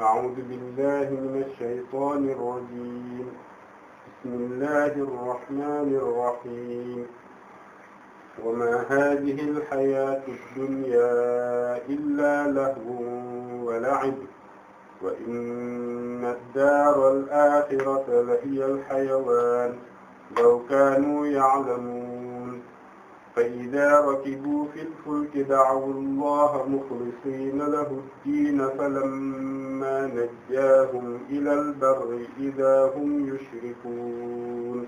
أعوذ بالله من الشيطان الرجيم بسم الله الرحمن الرحيم وما هذه الحياة الدنيا إلا لهو ولعب وإن الدار الآخرة لهي الحيوان لو كانوا يعلمون fa idaa rakibuu fil fulki da'awu llaaha muxlisiina lahu ddiina falammaa najjaahum ilal barri idaa hum yushrikuun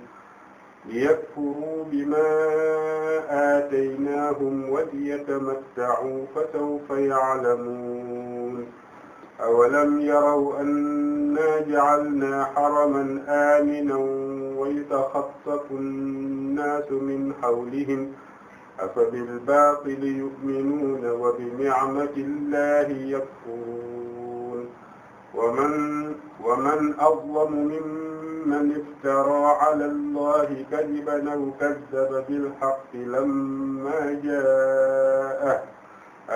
liyakfuruu bimaa aataynaahum wa liyatamatta'uu fasawfa ya'lamuun awalam yaraw annaa ja'alnaa haraman aaminan wa yataxaffafu nnaasu min hawlihim أفبالباطل يؤمنون وبنعمة الله يكفرون ومن ومن أظلم ممن افترى على الله كذبا أو كذب بالحق لما جاءه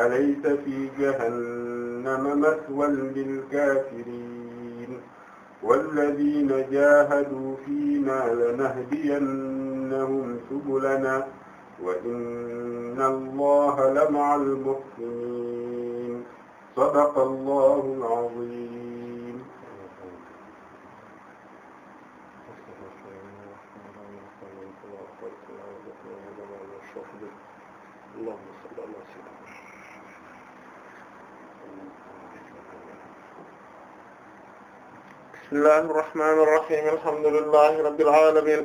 أليس في جهنم مثوى للكافرين والذين جاهدوا فينا لنهدينهم سبلنا wa inna allaha la ma'al muhsinin sadaqa allahu al-azim allahumma salli ala sayyidina bismillahir rahmanir rahim alhamdulillahi rabbil alamin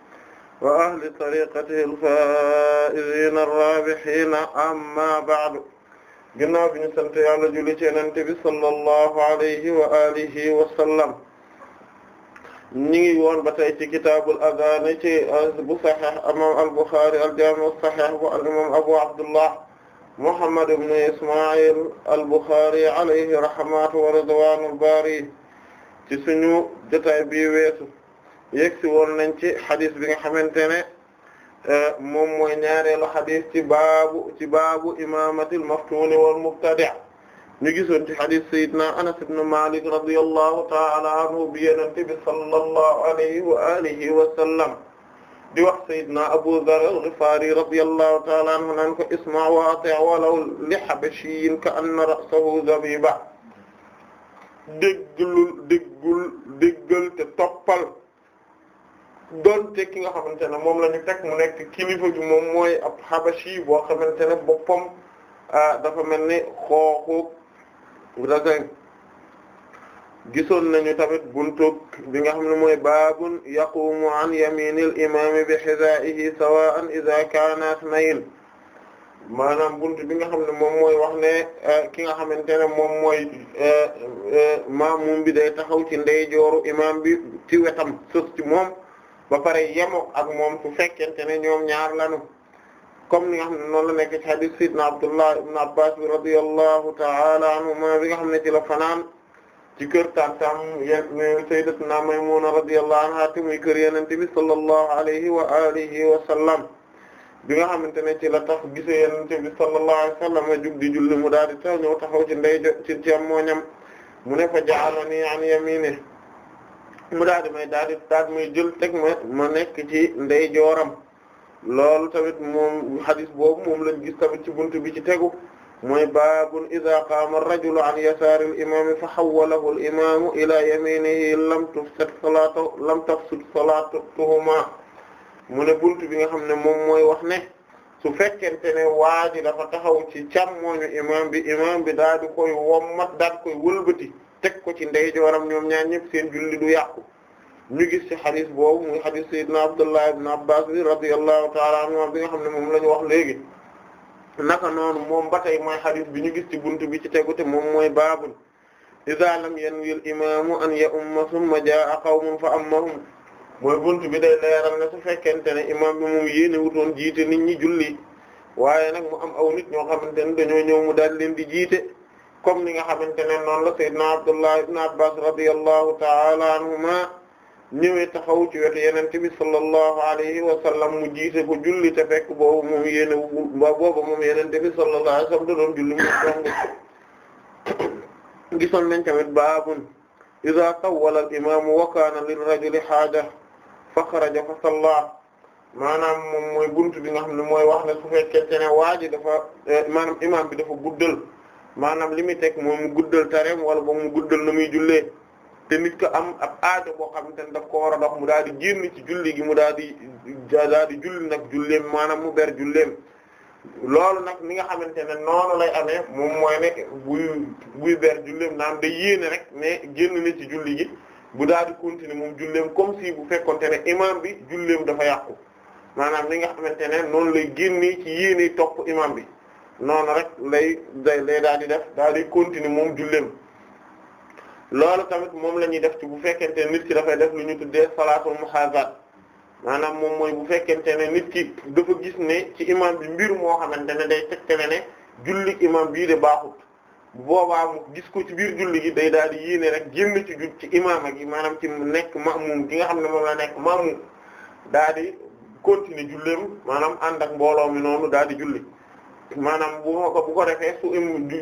wa ahli tariqatihi al-faa'iziina ar-raabihiina amma ba'du ginnaaw bi ñu sant yàlla julli ci Yonent bi sallallahu alayhi wa alihi wa sallam ñu ngi woon ba tey ci kitaabul adaan ci bu saxiix imaam al-Buxaari al-jaami' as-saxiix bu al-imaam Abu Abdullah Muhammad ibn Isma'il al-Buxaari alayhi rahmatu wa ridwaanul baari ci suñu jotaay bi weesu yegsi woon nañ ci xadis bi nga xamante ne euh, moom mooy ñaareelu xadis ci baabu ci baabu imaamatil maftuni wal mubtadi' ñu gisoon ci xadis sayyidina Anas ibn Malik radiyallahu ta'ala anhu bi Yonent bi sallallahu alayhi wa alihi wa sallam di wax sayyidina Abu Dharr al-Ghifari radiyallahu ta'ala anhu naan ko isma' wa ati' walaw li habashiyyin ka'anna ra'sahu zabiba déggul déggul déggal te toppal doonte ki nga xamante ne moom la ñu teg mu nekk kilifa bi moom mooy ab xabashi boo xamante ne boppam ah, dafa mel ni xooxu raisin nañu tamit buntu bi nga xam ne mooy baabun yaqumu an yaminil imaami bi xizaa'ihi sawa'an maanaam buntu bi nga xam ne moom mooy wax ne ah, ki nga xamante ne moom mooy ah, maamum bi day taxaw ci ndeyjooru imaam bi ci wetam moom ba pare yemoo ak moom su fekkente ne ñoom ñaar lanu comme ni nga xam ne noonu la nekk ci hadith sayyidina Abdullah ibn Abbas bi radiyallahu ta'ala anhuma bi nga xam ne ci la fanaan ci kër tantam yéen sayyidatuna Maymuna radiyallahu anha te muy kër Yonent bi sallallahu alayhi wa alihi wa sallam bi nga xamante ne ci la tax gisee Yonent bi sallallahu wa sallam mu daal di taw ci ndey ci càmmoñam mu ne fa ja'alani an yaminihi mu daal di may daal di may jël teg ma nekk ci ndey jooram loolu tamit moom hadis boobu moom lañ gis tamit ci buntu bi ci tegu mooy baabun iza qaama ar-rajulu an yasaari al-imaami fa hawwalahu al-imaamu ilaa yamiinihi lam tufsad salaatu mu ne buntu bi nga xam ne moom mooy wax ne su fekkente ne waa ji dafa taxaw ci càmmooñu imaam bi imaam bi daal di koy wommat daal di koy wëlbati teg ko ci ndeyjooram ñoom ñaar ñëpp seen julli du yàqu ñu gis ci xadis boobu muy xadis sayyidina Abdullah ibn Abbas bi radiyallahu ta'ala anhu bi ne moom la ñu wax léegi noonu moom ba tey mooy bi ñu gis ci buntu bi ci tegu te moom mooy baabul iza lam yanwi al imaamu an ya'umma thumma jaa'a qawmun fa ammahum mooy bunt bi day leeral ne su fekkente ne imaam bi moom yéene wutoon jiite nit ñi julli waaye nag mu am aw nit ñoo xamante ne dañoo ñëw mu daal leen di jiite comme ni nga xamante ne noonu la sayyidna Abdullah ibn Abbas radiyallahu ta'ala anhuma ñëwee taxaw ci wetu yenente bi sallallahu alayhi wa sallam mu jiite ko julli te fekk boobu moom yéene ba booba moom yenente sallallahu alayhi wa sallam da doon julli mu dong gisoon nañ tamit baabun iza tawwala al imaamu wa kaana lirrajuli haaja fa xaraja fa salla maanaam moom mooy buntu bi nga xam ne mooy wax ne su fekkente ne waa ji dafa eh, maanaam imaam bi dafa guddal maanaam li muy teg moom mu guddal tareem wala moom mu guddal na muy jullee te nit ko am ab aajo boo xamante ne daf ko war a dox mu daal di génn ci julli gi mu daal di daal di nag julleem maanaam mu ber julleem loolu nag mi nga xamante ne noonu lay amee moom mooy ne buy buy ber julleem naan day yéene rek ne génn na ci julli gi bu daal di continuer moom julleem comme si bu fekkonte ne imam bi julleem dafa yàqu maanaam li nga xamante ne noonu lay génnee ci yéene topp imam bi noonu rek lay day daal di def daal di continuer moom julleem loolu tamit moom lañuy def ci bu fekkente nit ki dafay def lu ñu tuddee salaatul muhazaat maanaam moom mooy bu fekkente ne nit ki dafa gis ne ci imam bi mbir moo xamante ne day tegtale ne julli imam bii de baaxut boobaa mu gis ko ci biir julli gi day daal di yéene rek génn ci ci imam gi maanaam ci nekk maamum ki nga xam ne moom la nekk maamum daal di continuer julleem maanaam ànd ak mbooloo mi noonu daal di julli maanaam bu ma bu ko defee su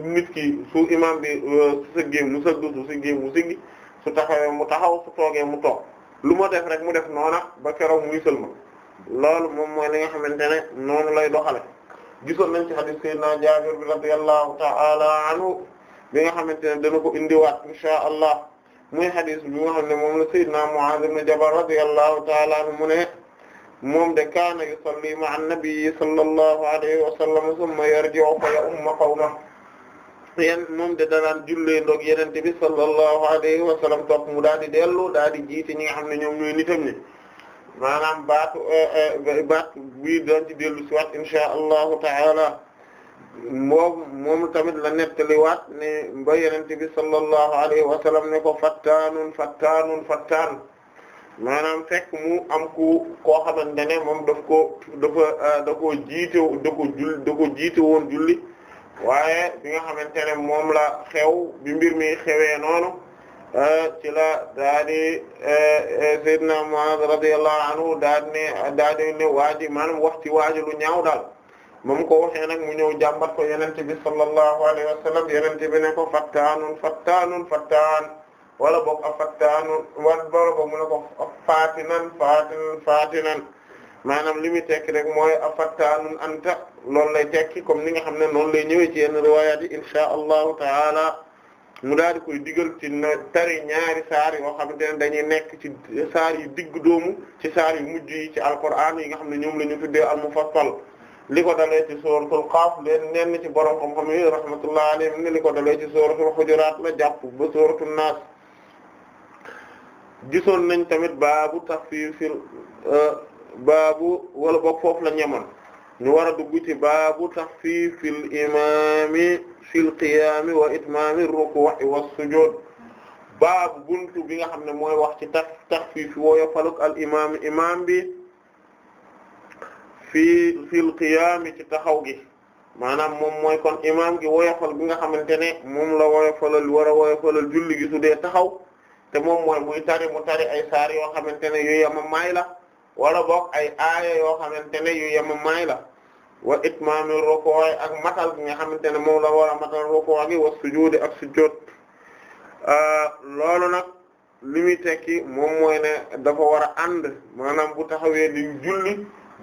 nit ki su imam bi euh, su sëggee mu sëgg mu siggi su taxawee mu taxaw su toogee mu toog lu ma def rek mu def noona ba keroog muy sëlma loolu moom mooy li nga xamante ne noonu lay doxale gisoon nañ ci hadith sayyidina Jaabir bi radiyallahu ta'ala anhu bi nga xamante ne dana ko indiwaat insha Allah muy hadith bi nga xam ne moom la sayyidina Mu'adh ibn Jabal radiyallahu ta'ala anhu mu ne moom de kaana yusalli ma'a an-nabi sallallahu alayhi wa sallam mu daal di dellu daal di jiite ñi nga xam ne ñoom ñooy nitam ni maanaam baatu eh, eh, baatu bii daan ci dellu si waat inshaa Allahu ta'ala moom tamit la nettaliwaat ne ba Yonent bi sallallahu alayhi wa ne ko fattaanun fattaanun maanaam fekk mu am ku koo xamante ne moom daf ko dafa euh, da koo jiite da ko jul da ko jiite woon julli waaye bi nga xamante ne moom la xew bi mbir mi xewee noonu euh, ci la daa di euh, Seydina Muaz radiyallahu anhu daa di ne ne waa ji maanaam wax ci waa ji lu ñaaw daal moom ko waxee nag mu ñëw jàmbat ko yenente bi sallallahu alayhi wa sallam yenente bi ne ko fattaanun fattaanun fattaan wala boog a fattaanu wala boog mu ne ko faatinan faatinan faatinan maanaam li muy tekki rek mooy a fattaanun anta loolu lay tekki comme ni nga xam ne noonu lay ñëwee ci yenn riwaayaat yi inshaa allahu taala mu daal di koy diggal ci na tari ñaari saar yoo xamante ne dañuy nekk ci saar yu digg doomu ci saar yu mujj yi ci alquraan yi nga xam ne ñoom la ñu tuddee al-mufassal li ko dalee ci suratul qaaf leen nenn ci borom xam-xam yi rahmatullahi alayhim ne li ko dalee ci suratul hujuraat la jàpp ba suratul naas gisoon nañ tamit baabu taxfiifil euh, baabu wala boog foofu la ñemoon ñu war a dugg ci baabu taxfiifil imaami fil qiyaami wa itmaami rukuu'i wa sujuud baabu buntu bi nga xam ne mooy wax ci tax taxfiif woyofaluk al imaami imaam bi fii fil qiyaami ci taxaw gi maanaam moom mooy kon imaam gi woyofal bi nga xam ne moom la woyofalal war a woyofalal julli gi su taxaw. te moom mooy muy tari mu tari ay saar yoo xamante ne yu yema maay la wala boog ay aaya yoo xamante ne yu yema maay la wa itmaami rukuu ak matal bi nga xamante ne moom la war a matal rukuu gi wa sujuudi ak sujuud euh, loolu nag li tekki moom mooy ne dafa war a ànd bu taxawee di julli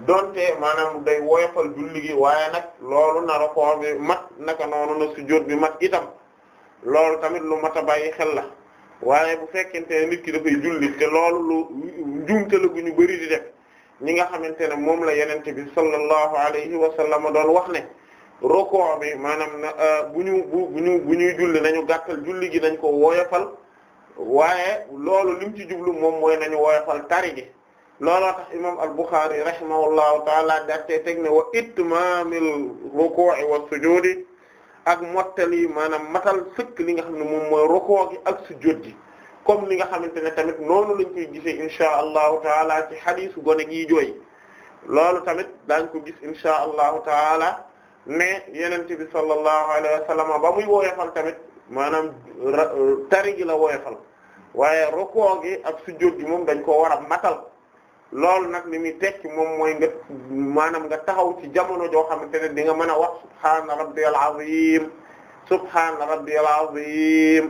donte maanaam day woyofal julli gi waaye nag loolu na rukuu bi mat naka noonu na sujuud bi mat itam loolu tamit lu mat a bàyyi xel la waaye bu fekkente ne nit ki dafay julli te loolu lu la gu ñu bari di def ñi nga xamante ne moom la yonent bi sallallahu alayhi wa sallam doon wax ne roko bi maanaam euh, bu ñu bu buñu julli nañu gàttal julli gi nañ ko woyofal waaye loolu lim ci jublu moom mooy nañu woyofal tari gi looloo tax imam al-Bukhari rahimahullahu taala dattee teg ne wa itmaamil ruku'i wa sujudi ak mottali maanaam matal sëkk li nga xam ne moom mooy rukoo gi ak sujjóot gi comme li nga xamante ne tamit noonu lañ koy gisee inshaa allahu taala ci xadiisu gone gi joy loolu tamit daañ ko gis inshaa allahu taala ne yenente bi sallallahu alayhi wa ba muy woyofal tamit maanaam tari gi la woyofal waaye rukoo gi ak sujjóot gi moom dañ ko war a matal loolu nag mi muy tekki moom mooy nga maanaam nga taxaw ci jamono joo xam ne di nga mën a wax subhaana rabbiyal azim subhaana rabbiyal azim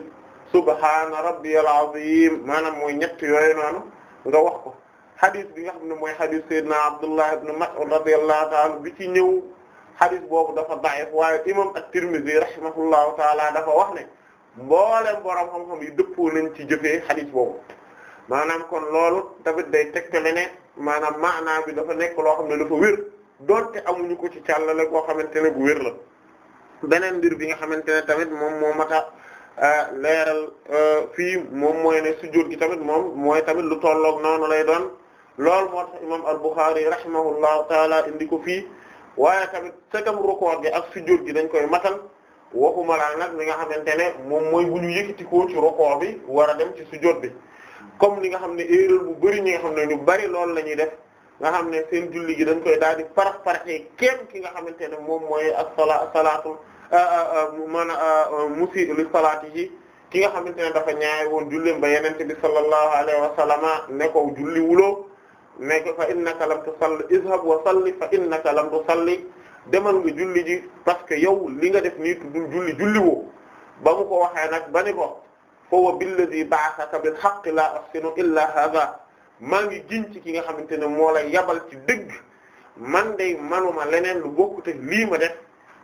subhaana rabbiyal azim maanaam mooy ñetti yooyu noonu nga wax ko hadith bi nga xam ne mooy hadith sayyidina Abdullah ibn Mas'ud radiyallahu ta'ala bi ci ñëw hadith boobu dafa da'if waaye imam at-Tirmidhi rahimahullahu ta'ala dafa wax ne mboolem borom xam-xam yi dëppoo nañ ci jëfee hadith boobu maanaam kon loolu tamit day tegtale ne maanaam maanaa bi dafa nekk loo xam ne dafa wér donte amuñu ko ci càllale koo xamante ne bu wér la beneen mbir bi nga xamante ne tamit moom moo mata euh, leeral euh, fii moom mooy ne sujjóot gi tamit moom mooy tamit lu tolloog noonu lay doon loolu moo tax imam al-Bukhari indi ko fii waaye tamit sëgam record gi ak sujjóot gi dañ koy matal waxuma laa nag li nga xamante ne moom mooy bu ñu yëkkati ko ci record bi war a dem ci sujjóot bi comme li nga xam ne erreur bu bari ñi nga xam ne ñu bari loolu lañuy ñuy def nga xam ne seen julli gi dañ koy daal di parax paraxee kenn ki nga xamante ne moom mooy ak sala salaatu euh, euh, euh, maanaam musi li salaati yi ki nga xamante ne dafa ñaay woon julleem ba yenente bi sallallahu alayhi wa sallama ne ko julli wuloo ne ko fa innaka lam tusalli izhab wa salli fa innaka lam tusalli demal nga julli ji parce que yow li nga def nii tuddul julli julli woo ba mu ko waxee nag ba ni ko huwa billadi ba'athaka bil haqqi la ahsinu illa hadha maa ngi giñ ci ki nga xamante ne moo la yabal ci dëgg man day manuma leneen lu bokkute lii ma def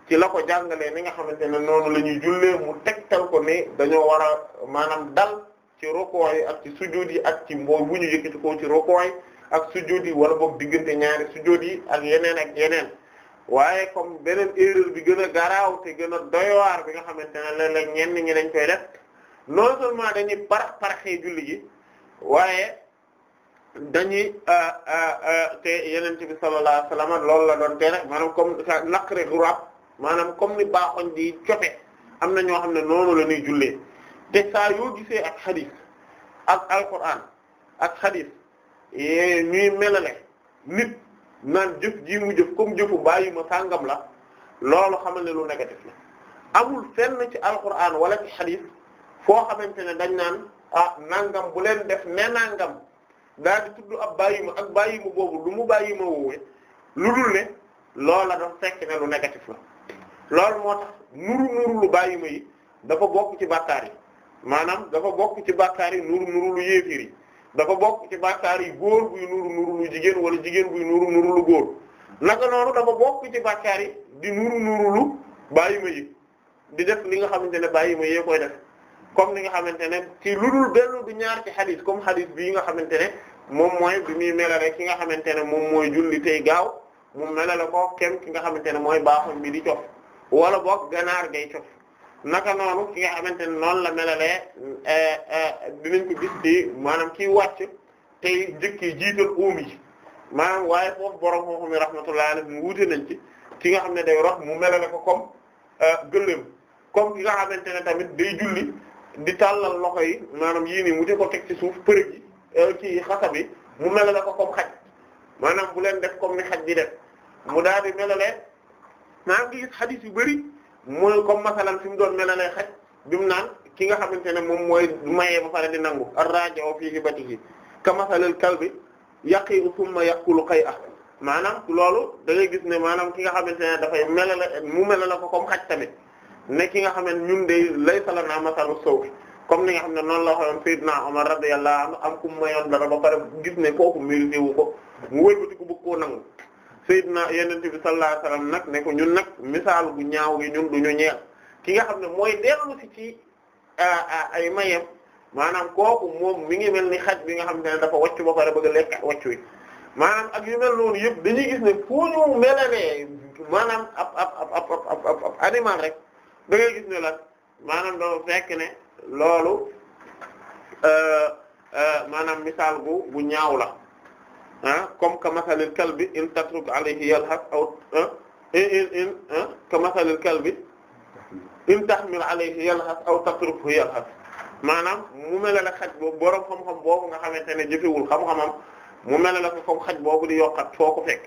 ci la ko jàngalee ni nga xamante ne noonu la ñuy jullee mu tegtal ko ne dañoo war a maanaam dal ci rukoo yi ak ci sujjóot yi ak ci mbooy bu ñu yëkkati koo ci rukoo yi ak sujjóot yi wala boog diggante ñaari sujjóot yi ak yeneen ak yeneen waaye comme beneen erreur bi gën a garaaw te gën a doywaar bi nga xamante ne léeg-léeg ñi dañ koy def non seulement dañuy parax paraxee julli gi waaye dañuy euh, euh, euh, te yeneen bi sallallahu alayhi wa loolu la doon tere maanaam comme naqare rurab maanaam comme ni baaxoñ di cofe am na ñoo xam ne noonu la ñuy jullee te saa yoo gisee ak xadis ak alquran ak xadis ñuy melale nit naan jëf ji mu jëf comme jëfu bàyyi ma sàngam la loolu xamal ne lu négatif la amul fenn ci alquran wala ci xadis foo xamante ne dañ naan ah nangam bu leen def ne nangam daal di tudd ab bàyyi ma ak bàyyi ma boobu lu mu bàyyi ma woowee lu dul ne loola dafa fekk ne lu négatif la loolu moo tax nuru nuru lu bàyyi yi dafa bokk ci bàkkaar yi maanaam dafa bokk ci bàkkaar yi nuru dafa bokk ci bàkkaar yi góor buy nuru nuru lu jigéen wala jigéen buy nuru nuru lu góor naka noonu dafa bokk ci bàkkaar yi di nuru nuru lu bàyyi ma yi di def li nga xamante ne bàyyi ma yee koy def comme ni nga xamante ne ci lu dul benn du ñaar ci xadis comme xadis bii nga xamante ne moom mooy bi muy melale ki nga xamante ne moom mooy julli tey gaaw mu melale ko kenn ki nga xamante ne mooy baaxam bi di cof wala boog ganaar gay cof naka noonu ki nga xamante ne noonu la melalee eh, eh, dinañ ko gis ci maanaam kii wàcc tey jëkki jiital uum yi maanaam waaye foofu borom foofu mi rahmatullah alayhi mu wuute nañ ci ki nga xam ne day rox mu melale ko comme eh, gëléem comme xamante ne tamit day julli di tàllal loxo yi maanaam yii nii mu di ko teg ci suuf përëg yi ci euh, xasa bi mu la ko comme xaj maanaam bu leen def comme ni xaj bi def mu daal di melalee maa ngi yu bëri mooy comme masalan fi mu doon melalee xaj bi mu naan ki nga xamante ne moom mooy mayee ba pare di nangu ar-raji'u fi hibatihi ka masalil kalbi yaqi'u thumma ya'kulu qay'a maanaam loolu da ngay gis ne maanaam ki nga xamante ne dafay melale mu la ko comme xaj tamit ne ki nga xam ne ñun day laysa lanaa masalu sawt comme ni nga xam ne noonu la waxoon Seydina Omar radiyallahu anhu am ku mayoon dara ba pare gis ne kooku mérité wu ko mu ko bëgg koo nangu Seydina Yonent ne ko ñun nag misaal gu ñaaw gi ñun duñu ñeex ki nga xam ne mooy dellu si ci ay mayem maanaam kooku moom mi ngi mel ni xaj bi nga xam ne dafa wacc ba pare bëgg a lekk wàcc wi maanaam ak yu mel noonu yëpp dañuy gis ne foo ñu melalee maanaam ab ab ab animal rek. da ngay gis ne la maanaam dafa fekk ne loolu euh, euh, maanaam misaal bu bu ñaaw la ah comme ka masalil kalbi in tatruk alayhi yalhas aw ah, in in in ka ah, masalil kalbi in tahmil alayhi yalhas aw tatrukhu yalhas maanaam mu mel la xaj boobu boroom xam-xam boobu nga xamante ne jëfewul xam-xamam mu mel la ko comme xaj boobu di yokkat foo ko fekk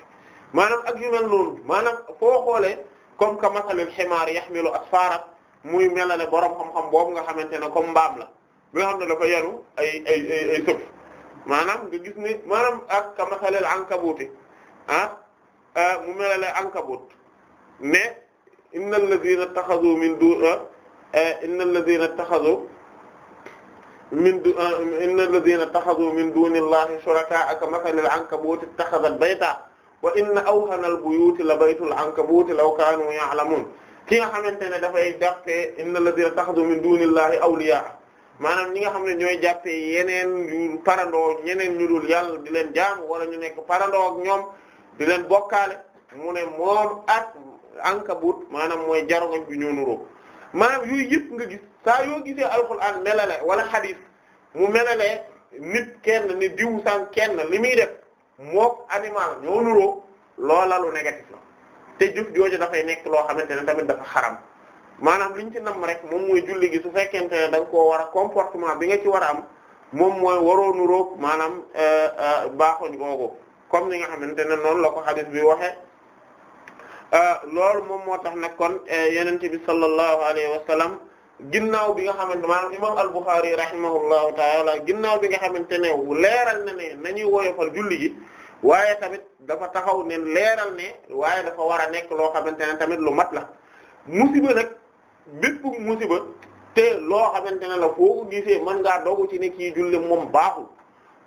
maanaam ak yu mel comme que masalil ximaar yaxmilu asfara muy melale borom xam-xam boobu nga xamante ne comme mbaam la bi nga xam ne dafa yaru ay ay ay ay sëf maanaam nga gis ni maanaam ak ka masalil ankabuuti ah, ah mu melale ankabut mais inna alladhina taxadu min du ah, ah, inna alladhina taxadu min du inna alladhina taxadu min dunillahi shuraka ak masalil ankabuuti taxadat bayta wa inna awhanal buyuti la baytul ankabuti law kaanu ya'lamun ki nga xamante ne dafay jàppee inna alladhina takhadhu min dunillahi awliya maanaam ñi nga xam ne ñooy jàppe yeneen yu parandoo ñeneen ñu dul yàlla di leen jaam wala ñu nekk parandoo ak ñoom di leen bokkaale mu ne moom ak ankabut maanaam mooy jarongoñ bi ñoo nuroo maanam yooyu yëpp nga gis saa yoo gisee alquran melale wala hadith mu melale nit kenn ni diw sànq kenn li muy def mook animal ñoo nuroo loola lu négatif la te jëf jooju dafay nekk loo xamante ne tamit dafa xaram maanaam liñ ci nam rek moom mooy julli gi su fekkente ne da nga koo war a comportement bi nga ci war a am moom mooy waroo nuroo maanaam euh, euh, baaxoñ googu comme ni nga xamante ne noonu la ko bi waxe euh, loolu moom moo tax nag kon yenente bi sallallahu alayhi wa sallam ginnaaw bi nga xamante maanaam imam al-Bukhari rahimahullahu taala ginnaaw bi nga xamante ne leeral na ne nañuy woyofal julli gi waaye tamit dafa taxaw ne leeral ne waaye dafa war a nekk loo xamante ne tamit lu mat la musiba nag bépp musiba te loo xamante ne la foo ko gisee mën ngaa dogu ci ne kii julli moom baaxul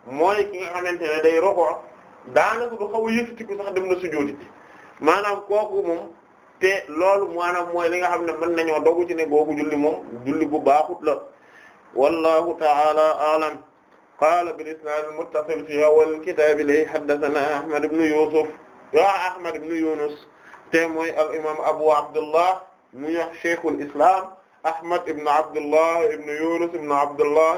mooy ki nga xamante ne day roxoo daanaka du xaw a yëkkati ko sax dem na sujjóoti maanaam kooku moom te loolu maanaam mooy li nga xam ne mën nañoo dogu ci ne googu julli moom julli bu baaxut la wallahu ta'ala a'lam qala bil isnad al muttasil fi awwal kitab li haddathana ahmad ibn yusuf wa ahmad ibn yunus te mooy al imam abu abdullah muy sheikhul islam ahmad ibn abdullah ibn yunus ibn abdullah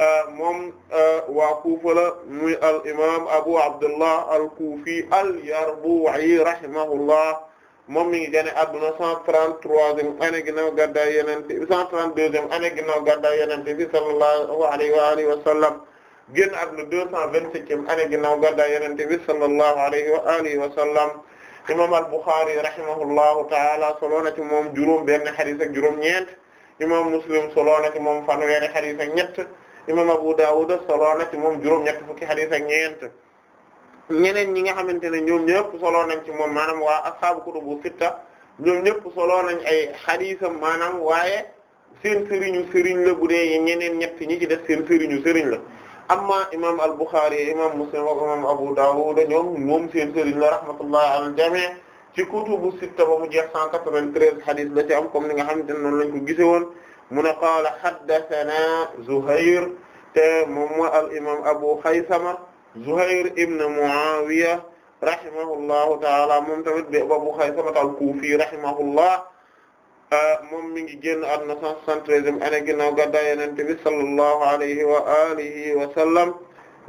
Euh, moom euh, waa Kufa la muy al imaam Abu Abdullah al Kufi al Yarbu'i rahimahullah moom mi ngi génn àdduna 133e année ginnaaw gàddaay Yonent bi 132e année ginnaaw gàddaay Yonent bi sallallahu alayhi wa alihi wa sallam génn àdduna 227e année ginnaaw gàddaay Yonent bi sallallahu alayhi wa alihi wa sallam imaam al Bukhari rahimahullahu ta'ala solo na ci moom juróom benn xadis ak juróom ñeent imaam Muslim solo na ci moom fanweeri xadis ak ñett imam Abu Dawud solo na ci moom juróom-ñett fukki hadith ak ñeent ñeneen ñi nga xamante ne ñoom ñëpp solo nañ ci moom maanaam waa ashaabu kutubu sitta ñoom ñëpp solo nañ ay haditham maanaam waaye seen sëriñu sëriñ la bu dee ñeneen ñett ñi ci def seen sëriñu sëriñ la amma imam al-Bukhari imam Muslim ak imam Abu Dawud ñoom moom seen sëriñ la rahmatullahi ala al-jami' ci kutubu sitta ba mu jeex 193 hadith la ci am comme ni nga xamante ne noonu lañ gisee woon. mu ne qaala haddathana Zuhair te moom mooy al imam Abu Khaysama Zuhair ibn Muawiya rahimahullahu ta'ala moom tamit bi Abu Khaysama al-Kufi rahimahullah moom mi ngi génn àdduna 173e année ginnaaw gàddaay Yonent bi sallallahu alayhi wa alihi wa sallam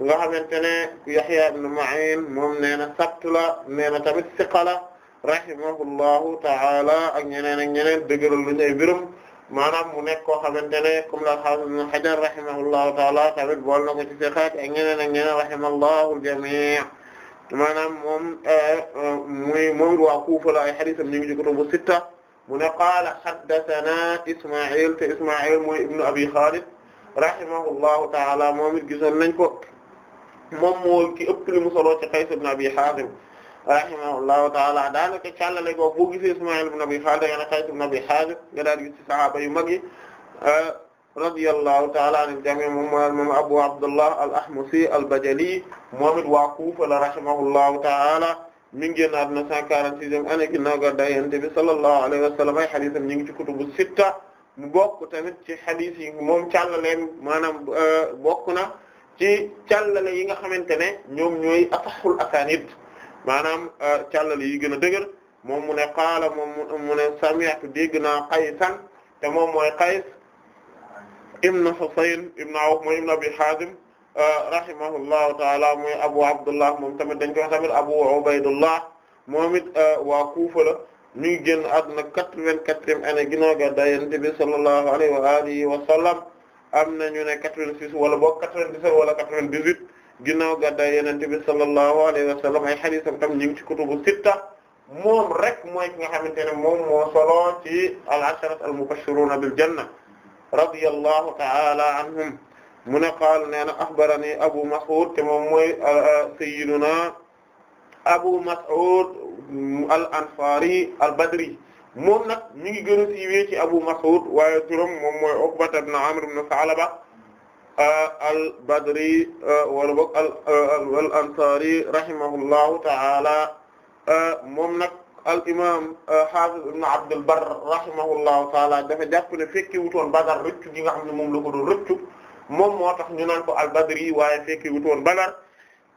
nga xamante ne Yahya ibn Ma'in moom nee na sabt la nee na tamit siqa la rahimahullahu ta'ala ak ñeneen ak ñeneen dëgëral lu ñuy birum maanaam mu nekk koo xamante ne comme la al-Hafiz ibn Hajar rahimahullahu taala tamit bool na ko ci siqaat ak ñeneen ak ñeneen rahimahullahu al-jami' maanaam moom eh, eh, muy moom waa Kuufa la ay hadiisam ñu ngi ci kutubu sitta mu ne qaala haddathanaa Isma'il te Isma'il mooy ibnu Abi Khalid rahimahullahu taala moom it gisoon nañ ko moom moo ki ëpp li mu solo ci Qays ibn Abi Haazim rahimahullahu taala daanaka càllale goo boo gisee Ismaïl ibn Abi Xaalid nga ne Qays ibn Abi Haazim nga daal gis ci sahaaba yu mag yi radiyallahu taala anil jamii moom moom Abu Abdullah al-Ahmusi al-Bajali moom it waa Kuufa la rahimahullahu taala mi ngi génn àdduna 146e année ginnaaw gàddaay Yonent bi sallallahu alayhi wa sallam ay hadiisam ñu ngi ci kutubu sitta mu bokk tamit ci hadiis yi moom càllaleen maanaam euh, bokk na ci càllale yi nga xamante ne ñoom ñooy asahhul asaanid maanaam euh, càllale yi gën a dëgër moom mu ne qaala moom mu ne sami'tu dégg naa Qaysan te moom mooy Qays ibn Husayn ibn Awf mooy ibn Abi Hazim euh, rahimahullahu taala mooy Abu Abdullah moom tamit dañ koy wax tamit Abu Ubaydullah moom it euh, waa Kufa la mi ngi génn àdduna quatre-vingt-quatrième année ginnaaw gàddaay Yonent bi sallallahu alayhi wa alihi wa sallam am na ñu ne quatre-vingt-six wala boog quatre-vingt-dix-sept wala quatre-vingt-dix-huit ginnaaw gàddaay yenente bi sallallahu alayhi wa sallam ay xadiisam tam ñu ngi ci kutubu sitta moom rek mooy ki nga xamante ne moom moo solo ci al-asharat al-mubashiruna bil janna radiyallahu ta'ala anhum mu ne qaal nee na axbarani Abu Mas'ud te moom mooy sayyiduna Abu Mas'ud al-Ansari al-Badri moom nag mi ngi gën a siiwee ci Abu Mas'ud waaye turam moom mooy Uqbata ibn Amr ibn Sa'laba al-Badri euh, wala boog al-Ansari euh, rahimahullahu ta'ala euh, moom nag al-imam Hafiz ibn Abd al-Barr rahimahullahu ta'ala dafa jàpp ne fekki wutoon Badar rëccu gi nga xam ne moom la ko doon rëccu moom moo tax ñu naan ko al-Badri waaye fekki wutoon Badar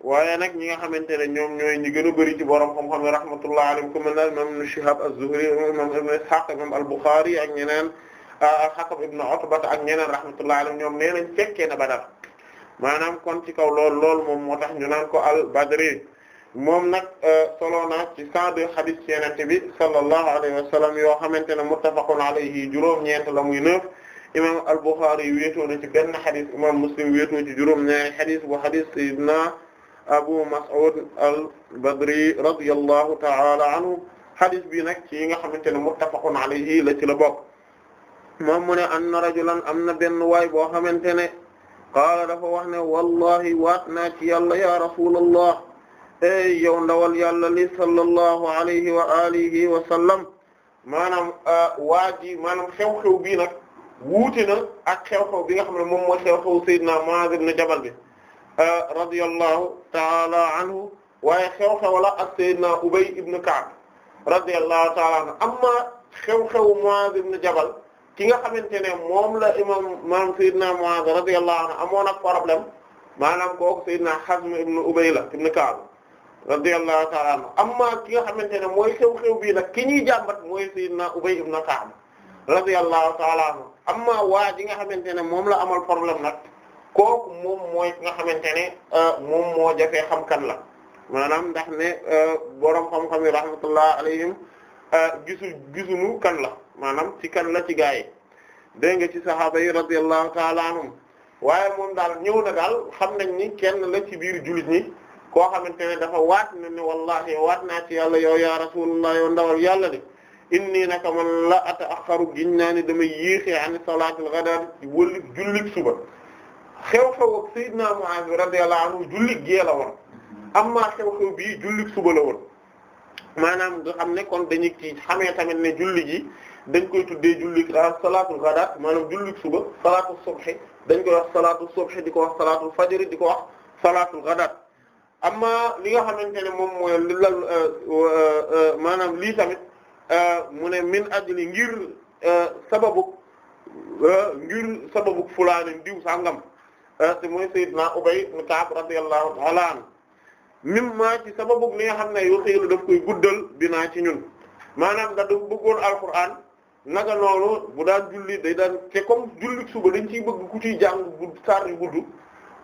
waaye nag ñi nga xamante ne ñoom ñooy ñi gën a bëri ci borom xam-xam yi rahmatullahi alayhim ku mel ne imam Shihab az-Zuhri imam Ibn Ishaq imam al-Bukhari ak ñeneen. a hakam ibn Utba ak ñeneen rahmatullahi alayhim ñoom nee nañ fekkee na Badar maanaam kon ci kaw lool lool moom moo tax ñu naan ko al-Badri moom nag euh, solo na ci 102 hadith ci Yonent bi sallallahu alayhi wa sallam yoo xamante ne muttafaqun alayhi juróom-ñeent la muy neuf al-Bukhari y wéetoo na ci benn hadith imam Muslim wéetoo ci juróom-ñaari hadith bu hadith sayyidina Abu Mas'ud al-Badri radiyallahu ta'ala anhu hadith bi nag ci yi nga xamante ne muttafaqun alayhi la ci la bokk moom mu ne anna rajulan am na benn waay boo xamante ne qaala dafa wax ne wallahi waat naa ci yàlla ya rasulallah ey yow ndawal yàlla li sallallahu alayhi wa alihi wa sallam maanaam waa ji maanaam xew-xew bii nag wuute na ak xew-xew bi nga xam ne moom mooy xew-xew Seydina Muaz ibn Jabal bi radiyallahu taala anhu waaye xew-xew la ak Seydina Ubay ibn Ka'b radiyallahu taala anhu amma xew-xew Muaz ibn Jabal ki nga xamante moom la imam maam Seydina Muaz radiyallahu anhu amoon ak problème maanaam kooku Seydina Hazm ibn Ubay la ibn Ka'b radiyallahu ta'ala anhu amma ki nga xamante ne mooy xew-xew bii nag ki ñuy jàmbat mooy Seydina Ubay ibn Ka'b radiyallahu ta'ala anhu amma waa ji nga xamante ne moom la amal problème nag kooku moom mooy ki nga xamante ne euh, moom moo jafe xam kan la maanaam ndax ne euh, borom xam-xam yi rahmatullah alayhim euh, gisunu kan la maanaam ci kan la ci gaa yi nga ci sahaaba yi radiyallahu taala waaye moom daal ñëw na daal xam nañ ni kenn la ci biir jullit ñi koo xamante ne dafa waat na ne wallahi waat naa ci yàlla yow ya rasulullah yow ndawal yàlla de inni naka man la ata axaru giñ naa ni damay yéexee an salaatul ghadar wëllit jullit suba xew-xew ak sayyidna Mu'aaz radiyallahu anhu jullit gee woon amma xew-xew bii jullit suba la woon maanaam nga xam ne kon dañu ci xamee tamit ne julli dañ koy tuddee jullik ah, salaatul ghadaat maanaam jullik suba salaatul subhi dañ koy wax salaatul subhi di ko wax salaatul fajr di ko wax salaatul ghadaat amma li nga xamante ne moom mooy li lal euh, euh, euh, lii tamit mu ne min ajli ngir sababu ngir sababu fulaanin diw sàngam te mooy sayyidna Ubay ibn Ka'b radiyallahu ta'ala anhu mimma ci sababu li nga xam ne koy guddal binaa ci ñun maanaam da dafa bëggoon alquran naka loolu bu daan julli day daan te comme julli suba dañ ciy bëgg ku ci jàng bu saar yu gudd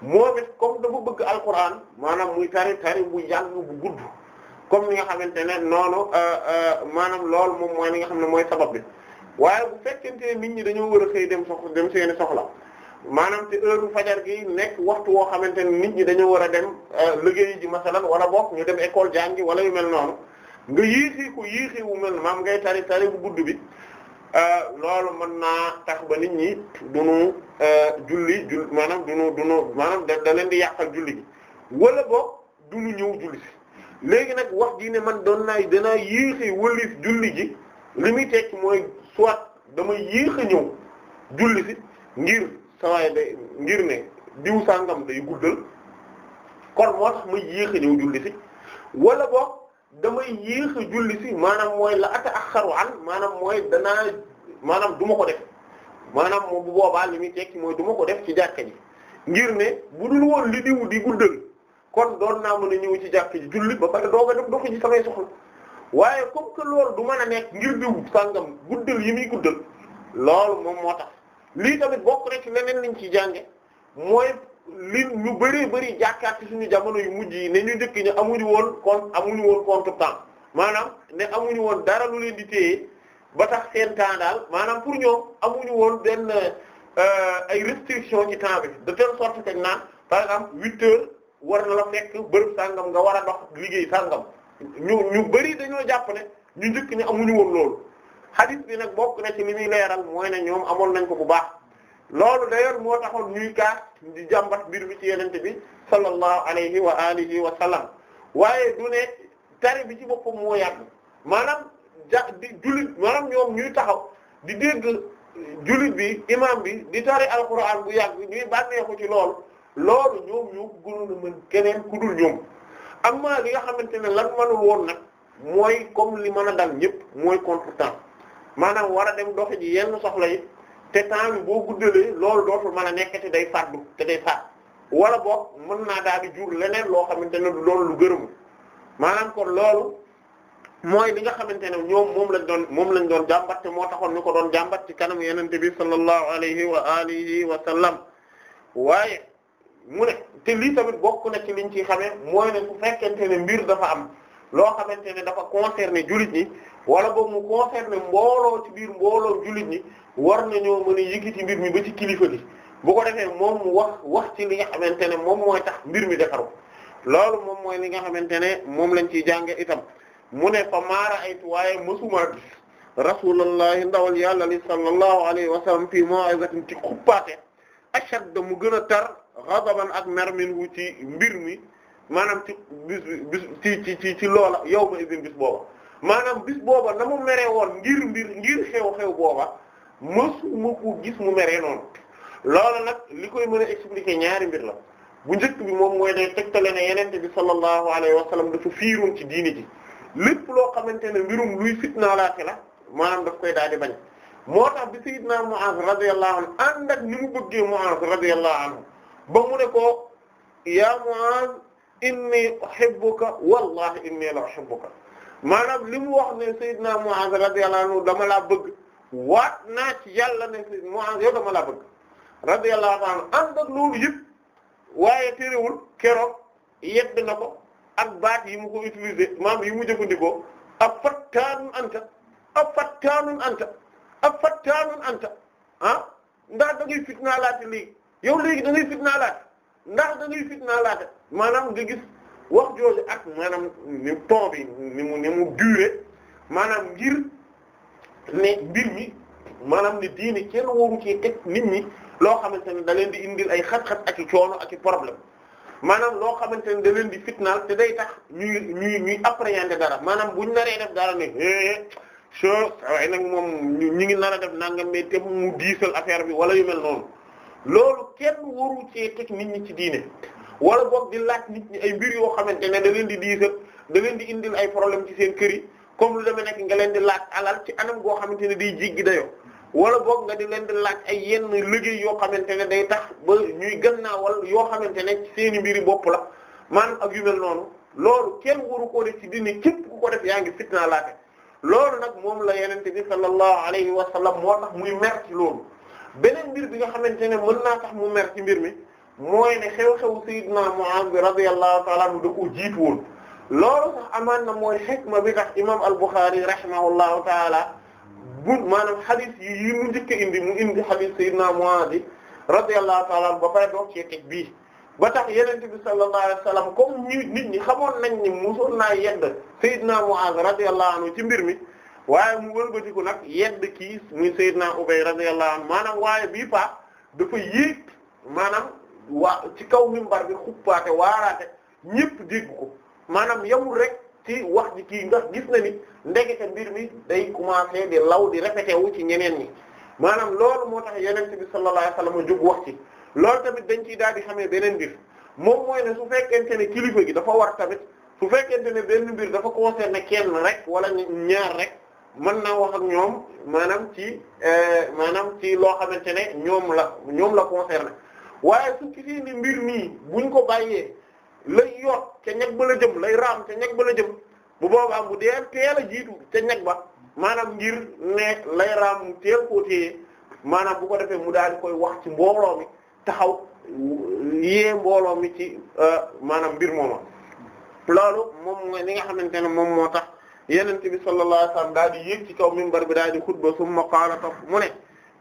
moom it comme dafa bëgg alquran maanaam muy tari tari bu jàng bu gudd comme ni nga xamante ne noonu euh, euh, maanaam loolu moom mooy li nga xam ne mooy sabab bi waaye bu fekkente ne nit ñi dañoo war a xëy dem sox dem seeni soxla maanaam te heure fajar gi nekk waxtu woo xamante ne nit ñi dañoo war a dem euh, liggéey ji masalan wala bokk ñu dem école jàngi wala yu mel noonu nga yéexi ku yéexi wu mel maam ngay tari tari bu gudd bi Euh, loolu mën naa tax ba nit ñi duñu euh, julli julli maanaam duñu duñu maanaam da leen di yàqal julli gi wala boo duñu ñëw julli si léegi nag wax gi ne man doon naay danaa yéexi wëlif julli ji li muy tekki mooy soit dama yéex a ñëw julli si ngir sawaay day ngir ne diw sàngam day guddal kon moo tax may yéex a ñëw julli si wala boog damay yéex a julli si maanaam mooy la ata axaru an maanaam mooy danaa maanaam duma ko def maanaam moom bu boobaa li muy tekki mooy duma ko def ci jàkka ji ngir ne bu dul woon li diw di guddal kon doon naa mën a ñëw ci jàkka ji julli ba pare doog ko dem doxi ji samay soxla waaye comme que loolu du man a nekk ngir diw sàngam guddal yi muy guddal loolu moom moo tax lii tamit bokk rek leneen lañ ci jànge mooy li ñu bëree bëri jàkkaat suñu jamono yu mujj yi ne ñu njëkk ñu amuñu woon kon amuñu woon contretemps maanaam ne amuñu woon dara lu leen di téye ba tax seen temps daal maanaam pour ñoom amuñu woon benn euh, ay restriction ci temps bi de telle sorte que naa par exemple huit heures war na la fekk bërëb sàngam nga war a dox liggéey sàngam ñu ñu bëri dañoo jàpp ne ñu njëkk ne amuñu woon loolu hadith bi nag bokk na ci li muy leeral mooy ne ñoom amoon nañ ko bu baax di jàmbat mbir bi ci yenente bi sallallahu alayhi wa alihi wa sallam waaye du ne tari bi ci boppam moo yàgg maanaam ja di jullit maanaam ñoom ñuy taxaw di dégg julit bi imam bi di tari alquran bu yàgg ñuy bànneexu ci loolu loolu ñoom ñoo ko mën keneen ku dul ñoom amma li nga xamante ne lan mënul woon nag mooy comme li mën a dal ñëpp mooy contretemps maanaam war a dem doxi ji yenn soxla yi te temps bi boo guddalee loolu dootul mën a nekk te day fàddu te day fàdd wala boog mën naa daal di jur leneen loo xamante ne du loolu lu gërëmul maanaam kon loolu mooy li nga xamante ne ñoom moom lañ doon moom lañ doon jàmbat te moo taxoon ñu ko doon jàmbat ci kanam yenente bi sallallahu alayhi wa alihi wa sallam waaye mu ne te lii tamit bokk na ci liñ ci xamee mooy ne su fekkente ne mbir dafa am loo xamante ne dafa concerner jurit ñi wala boobu mu concerné mbooloo ci biir mbooloo jullit ñi war nañoo mën a yëkkati mbir mi ba ci kilifa gi bu ko defee moom mu wax wax ci li nga xamante ne moom mooy tax mbir mi defaru loolu moom mooy li nga xamante ne moom lañ ciy jànge itam mu ne fa maara aytu waaye mësuma gis rasulullahi ndawal yàlla li sallallahu alayhi wa sallam fii maw'izatin ci xuppaate ashadda mu gën a tar ghadaban ak mer min wu ci mbir mi maanaam ci bis ci ci ci loola yow ma ibin maanaam bis booba na mu meree woon ngir mbir ngir xew-xew booba mësu ma ko gis mu meree noonu loolu nag li koy mën a expliquer ñaari mbir la bu njëkk bi moom mooy day tegtale ne yenente bi sallallahu alayhi wa dafa fiiroon ci diini ji lépp loo xamante ne mbirum luy fitna laate la maanaam daf koy daal di bañ moo tax bi sayyidna Mu'az radiyallahu anhu ànd ak ni mu bëggee Mu'az radiyallahu anhu ba mu ne ko ya Mu'az inni uhibbuka wallahi inni la uhibbuka maanaam li mu wax ne Seydina Muaz radiyallahu anhu dama laa bëgg waat naa ci yàlla ne Muaz yow dama laa bëgg radiyallahu anhu ànd ak loolu yëpp waaye terewul keroog yedd na ko ak baat yi mu ko utilisé maam yi mu jëfandikoo ab fattaanun anta ab fattaanun anta ab fattaanun anta ah ndax da ngay fitnaalaate léegi yow léegi da ngay fitnaalaate ndax da ngay fitnaalaate maanaam nga gis wax jooju ak maanaam ni temps bi ni mu ni mu maanaam ngir ne mbir mi manam ne diine kenn waru ci teg nit ñi loo xamante ne da leen di indil ay xat-xat ak i coono ak i problème maanaam loo xamante ne da leen di fitnaal te day tax ñuy ñuy ñuy appréhender dara maanaam buñ naree def dara ne é so waaye nag moom ñu ngi nar a def nangam mais te mu diisal affaire bi wala yu mel noonu loolu kenn waru ci teg nit ñi ci diine wala boog di laaj nit ñi ay mbir yoo xamante ne da leen di diisal da leen di indil ay problème ci seen kër yi comme lu demee nekk nga leen di laaj alal ci anam goo xamante ne day jéggi dayoo wala boog nga di leen di laaj ay yenn liggéey yoo xamante ne day tax ba ñuy gannaawal yoo xamante ne ci seen i bopp la maanaam ak yu mel noonu loolu kenn waru koo de ci dini képp ku ko def yaa ngi fitna laate loolu nag moom la yenente bi sallallahu alayhi wa sallam moo tax muy mer ci loolu mbir bi nga xamante ne mën naa mu mer ci mbir mi mooy ne xew-xew sayyidina Mu'aaz bi radiyallahu ta'ala anhu da ko jiitu woon sax amaan na mooy xikma bi tax imam al-Bukhari rahimahullahu ta'ala bu maanaam yi yi mu indi mu indi xadis sayyidina Mu'aaz bi radiyallahu ta'ala anhu ba pare doog cee teg bii ba tax yenente bi sallallahu alayhi wasallam comme ñu nit ñi xamoon nañ ni mosoon naa yedd sayyidina Mu'aaz radiyallahu anhu ci mbir mi waaye mu wëlbatiku nag yedd kii muy sayyidina Ubay radiyallahu anhu maanaam waaye bii paa dafa waa ci kaw mimbar bi xuppaate waaraate ñëpp dégg ko maanaam yamul rek ci wax ji kii ndax gis na ni ndegete mbir mi day commencé di law di répété ci ñeneen ñi maanaam loolu moo tax yeneen bi sallallahu alayhi wasallam jóg wax ci loolu tamit dañ ciy daal di xamee beneen mbir moom mooy ne su fekkente ne kilifa gi dafa war tamit su fekkente ne benn mbir dafa concerné kenn rek wala ñaar rek mën naa wax ak ñoom maanaam ci eh, maanaam ci loo xamante ne ñoom la ñoom la concerné waaye su kii ni mbir mii buñ ko bàyyee lay yot ca ñag ba la jëm lay raam ca ñag ba la jëm bu boobaa bu dee teel a jiitu ca ñag ba maanaam ngir ne lay raam teel koo maanaam bu ko mu daal di koy wax ci mbooloo mi taxaw yee mbooloo mi ci euh, maanaam mbir mooma loolu moom mooy li nga xamante ne moom moo tax yenente bi sallallahu alayhi wasallam daal di yéeg ci kaw minbar bi daal di xutba summa qaala topp mu ne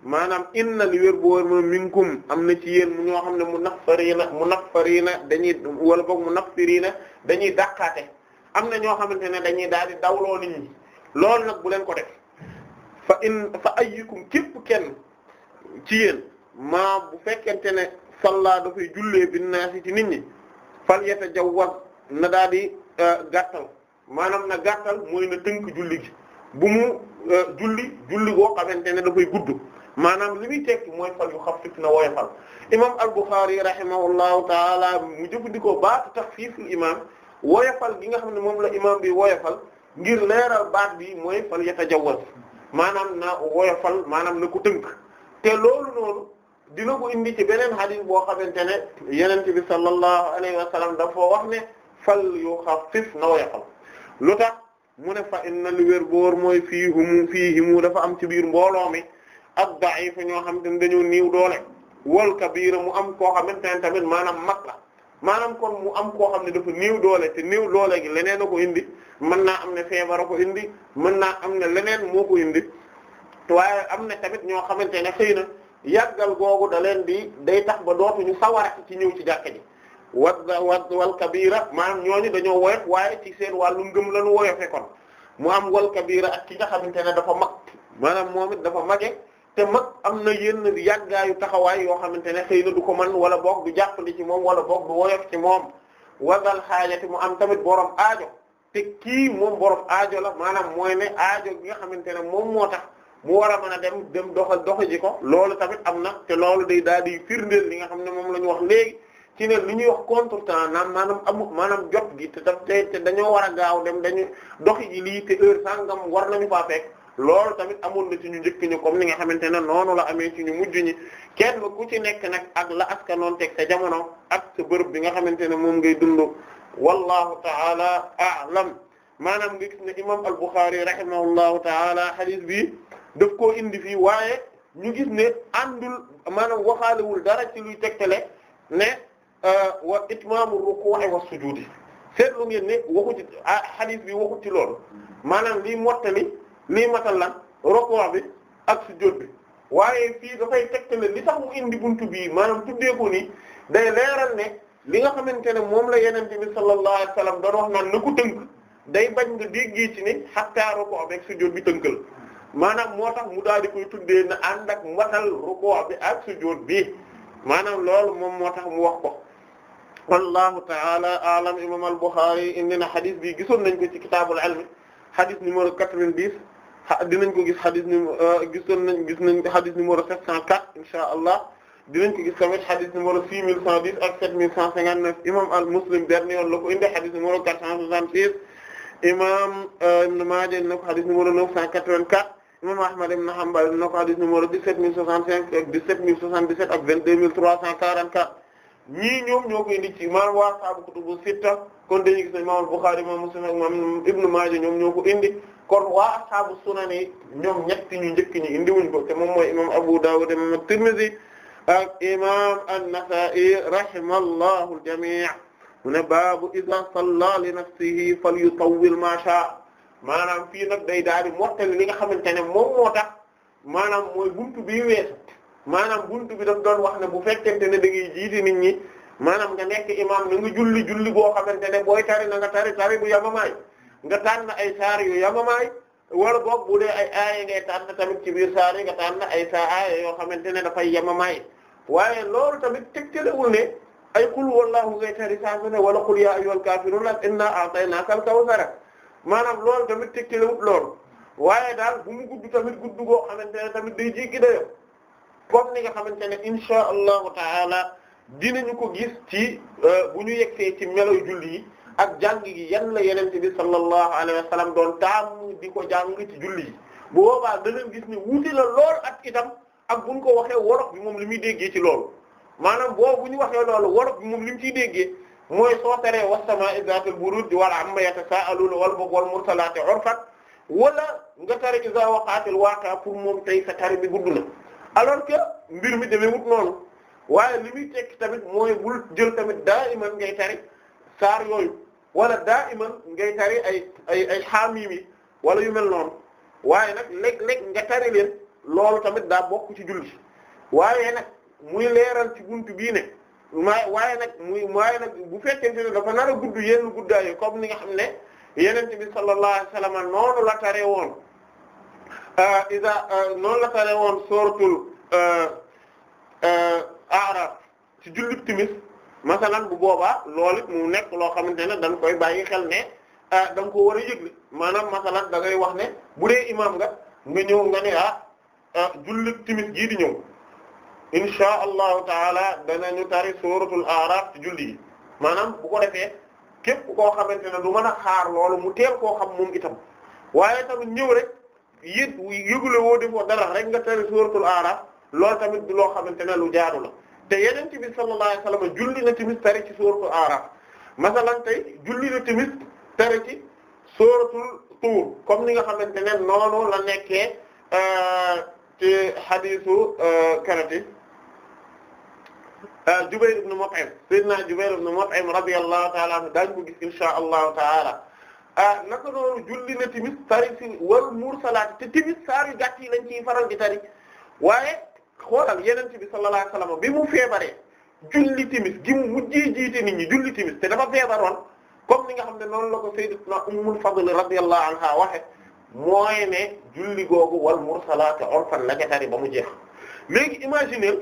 maanaam inna li wér bu wér ma minkum am na ci yéen ñoo xam ne mu naqfariina mu naqfariina dañuy wala boog mu naqfiriina dañuy dàqaate am na ñoo xamante ne dañuy daal di dawloo nit ñi loolu nag bu leen ko def fa in fa ayyukum képp ken ci yéen maa bu fekkente ne salla dafay jullee binnaasi ci nit ñi fal yatajawwaz na daal di euh, gàttal maanaam na gàttal mooy na tënk julli gi bu mu euh, julli julli goo xamante ne dafay gudd maanaam li muy tekki mooy fal yu xaffif na woyofal imam al-Bukhari rahimahullahu taala mu jëfandikoo baatu taxfiiful imam woyofal gi nga xam ne moom la imam bi woyofal ngir leeral baat bi mooy fal yatajawwaz maanaam na woyofal maanaam na ko tënk te loolu noonu dina ko indi ci beneen hadith boo xamante ne yenente bi sallallahu alayhi wa sallam dafa wax ne fal yu xaffif na woyofal lu tax mu ne fa inna li boor mooy fii humu fii himu dafa am ci biir mbooloo mi ak da'if ñoo xam te ne dañoo niiw doole wal kabira mu am koo xamante ne tamit maanaam mag la maanaam kon mu am koo xam ne dafa niiw doole te niiw doole gi leneen a ko indi mën naa am ne feebar ko indi mën naa am ne leneen moo indi waaye am na tamit ñoo xamante ne xëy na yàggal da leen di day tax ba dootuñu sawarati ci ñëw ci jàkka ji wa wal kabira maanaam ñooñu dañoo woyof waaye ci seen wàllu ngëm lañu woyofe mu am wal kabira ak ki nga xamante ne dafa mag maanaam moom it dafa mage te mag am na yenn yu taxawaay yoo xamante ne xëy na du ko mën wala boog du jàppandi ci moom wala boog du woyof ci moom wadal xaajati mu am tamit borom aajo te kii moom borom aajo la maanaam mooy ne aajo gi nga xamante ne moom moo tax mu war a mën a dem dem doxa doxa ji ko loolu tamit am na te loolu day daal di firndeel li nga xam ne moom la ñu wax léegi ci ne li ñuy wax contretemps naam maanaam amu maanaam jot gi te daf te dañoo war a gaaw dem dañu doxi ji lii te heure sangam war nañu faa fekk loolu tamit amoon na ci ñu njëkk ñu comme ni nga xamante ne noonu la amee ci ñu mujj ñi kenn ku ci nekk nag ak la askanoon teg te jamono ak sa bërëb bi nga xamante ne moom ngay dund wallahu taala a'lam maanaam nga gis ne imam al-Bukhari rahimahullahu taala hadith bi daf koo indi fi waaye ñu gis ne àndul maanaam waxaalewul dara ci luy tegtale ne euh, wa itmaamu ruku'i wa sujudi seetlu ngeen ne waxu ci ah, hadith bi waxu ci lool maanaam liy mottali lii matal lan rokoo bi ak sujjóot bi waaye fii te tegtale li tax mu indi buntu bii maanaam tuddee ko nii day leeral ne li nga xamante ne moom la yenen bi sallallahu alayhi wasallam doon wax naan ko tënk day bañ nga déggee ci ne hatta rokoo bi ak sujjóot bi tënkal maanaam moo tax mu daal di tuddee na ànd ak matal rukoo bi ak sujjóot bi maanaam lool moom moo tax mu wax ko wallahu taala alam imam al Bukhari indi na xadis bi gisoon nañ ko ci kitaabul ilmi xadis numéro quatre dinañ ko gis xadis num euh, gisoon nañ gis nañ xadis numéro 704 inshaa Allah dinañ ko gis tamit xadis numéro 6110 ak 7159 imam al Muslim dernier yoon la ko indi xadis numéro 466 imam euh, Ibn Maaja na ko xadis numéro 984 imam Ahmad ibn Hanbal na ko xadis numéro 17065 euh, ak 17077 ak 22344 ñii ñoom ñoo ko indi ci imam waa saabu kutubu sitta kon dañuy gis ne imam Bukhari imam Muslim ak imam Ibn ñoo ko indi kon waa ashaabu sunan yi ñoom ñetti ñu njëkk ñi indiwuñ ko te moom mooy imam Abu Dawud imam Tirmidhi ak imam an-Nasa'i rahimallahu al-jami' mu ne baabu idha salla li nafsihi falyutawwil ma maanaam fii nag day daal di mottali li nga xamante ne moom moo tax maanaam mooy buntu bi wees maanaam buntu bi daf doon wax ne bu fekkente ne da ngay jiiti nit ñi maanaam nga nekk imam na nga julli julli boo xamante ne booy tari na nga tari tari bu yamamaay nga na ay saar yu yamamaay wala boog bu dee ay aaya ngay tànn tamit ci biir saar yi nga na ay saa aaya yoo xamante ne dafay yamamaay waaye loolu tamit tegtalewul ne ay qul wallahu ngay tari saa su ne wala qul yaa ayyuhal kaafiruun innaa a'taynaakal kawsar maanaam loolu tamit tegtalewul lool waaye daal bu mu gudd tamit gudd goo xamante ne tamit day jéggi dayo comme ni nga xamante ne insha allahu taala dinañu ko gis ci euh, bu ñu yegsee ci melo julli ak jàng gi yan la yeneen bi sallallahu alayhi wa sallam doon taamu di ko jàng ci julli yi bu boobaa da leen gis lool ak itam ak buñ ko waxee wolof gi moom li muy déggee ci loolu maanaam boobu bu ñu waxee loolu wolof bi moom li mu déggee mooy soo teree was-samaa'i zaatil buruuj wala amma yatasaaluuna wal wal mursalaati urfan wala nga tari izaa waqa'atil waaqi'a pour moom tey sa tari bi gudd na alors que mbir mi demee wut noonu waaye li muy tekki tamit mooy bul jël tamit daa iman ngay tari saar yooyu. wala daa iman ngay tari ay ay ay xaamim yi wala yu mel noonu waaye nag léeg-léeg nga leen loolu tamit daa bokk ci julli waaye nag muy leeral ci buntu bii ne waaye nag muy waaye nag bu fekkente ne dafa nar a gudd yenn guddaay comme ni nga xam ne yenen bi sallallahu alayhi wasallam noonu la tare woon euh, isa euh, noonu la tare woon suratul euh, a'raf ci jullit timis masalan bu boobaa loolu it mu nekk loo xamante ne dañ koy bàyyi xel ne ah ko war a yëgle maanaam masalan da ngay wax ne bu dee imaam nga nga ñëw nga ne ah, ah jullit timis gii di ñëw insha allahu taala danañu tari suratul araf ci julli yi maanaam bu ko defee képp koo xamante ne du mën a xaar loolu mu teel koo xam moom itam waaye tamit ñëw rek yëg yëgule woo defoo dara rek nga tari suratul araf loolu tamit du loo xamante ne lu jaadu la te yeneen tamit sallallahu alayhi wasallam julli na tamit tere ci sóoratu Araf masalan tey julli na tamit tere ci sóoratul Tuur comme ni nga xamante ne noonu la nekkee euh, ci xadiisu euh, karati euh, Jubayr ibn Mut'im sayyidina Jubayr ibn Mut'im radiyallahu ta'ala anhu daañu ko gis insha allahu ta'ala ah naka noonu julli na tamit tari si wal mursalaat te tamit saar yu gàtt yi lañ ciy faral di tari waaye. xoolal yeneen bi sallallahu alayhi wasallam bi mu feebaree julli timis gi mu mujjee jiite nit ñi julli timis te dafa feebaroon comme ni nga xam ne noonu la ko sayyidatuna ummul fadl radiyallahu anha waxe mooy ne julli googu wal mursalaati urfan la tari ba mu jeex léegi imaginer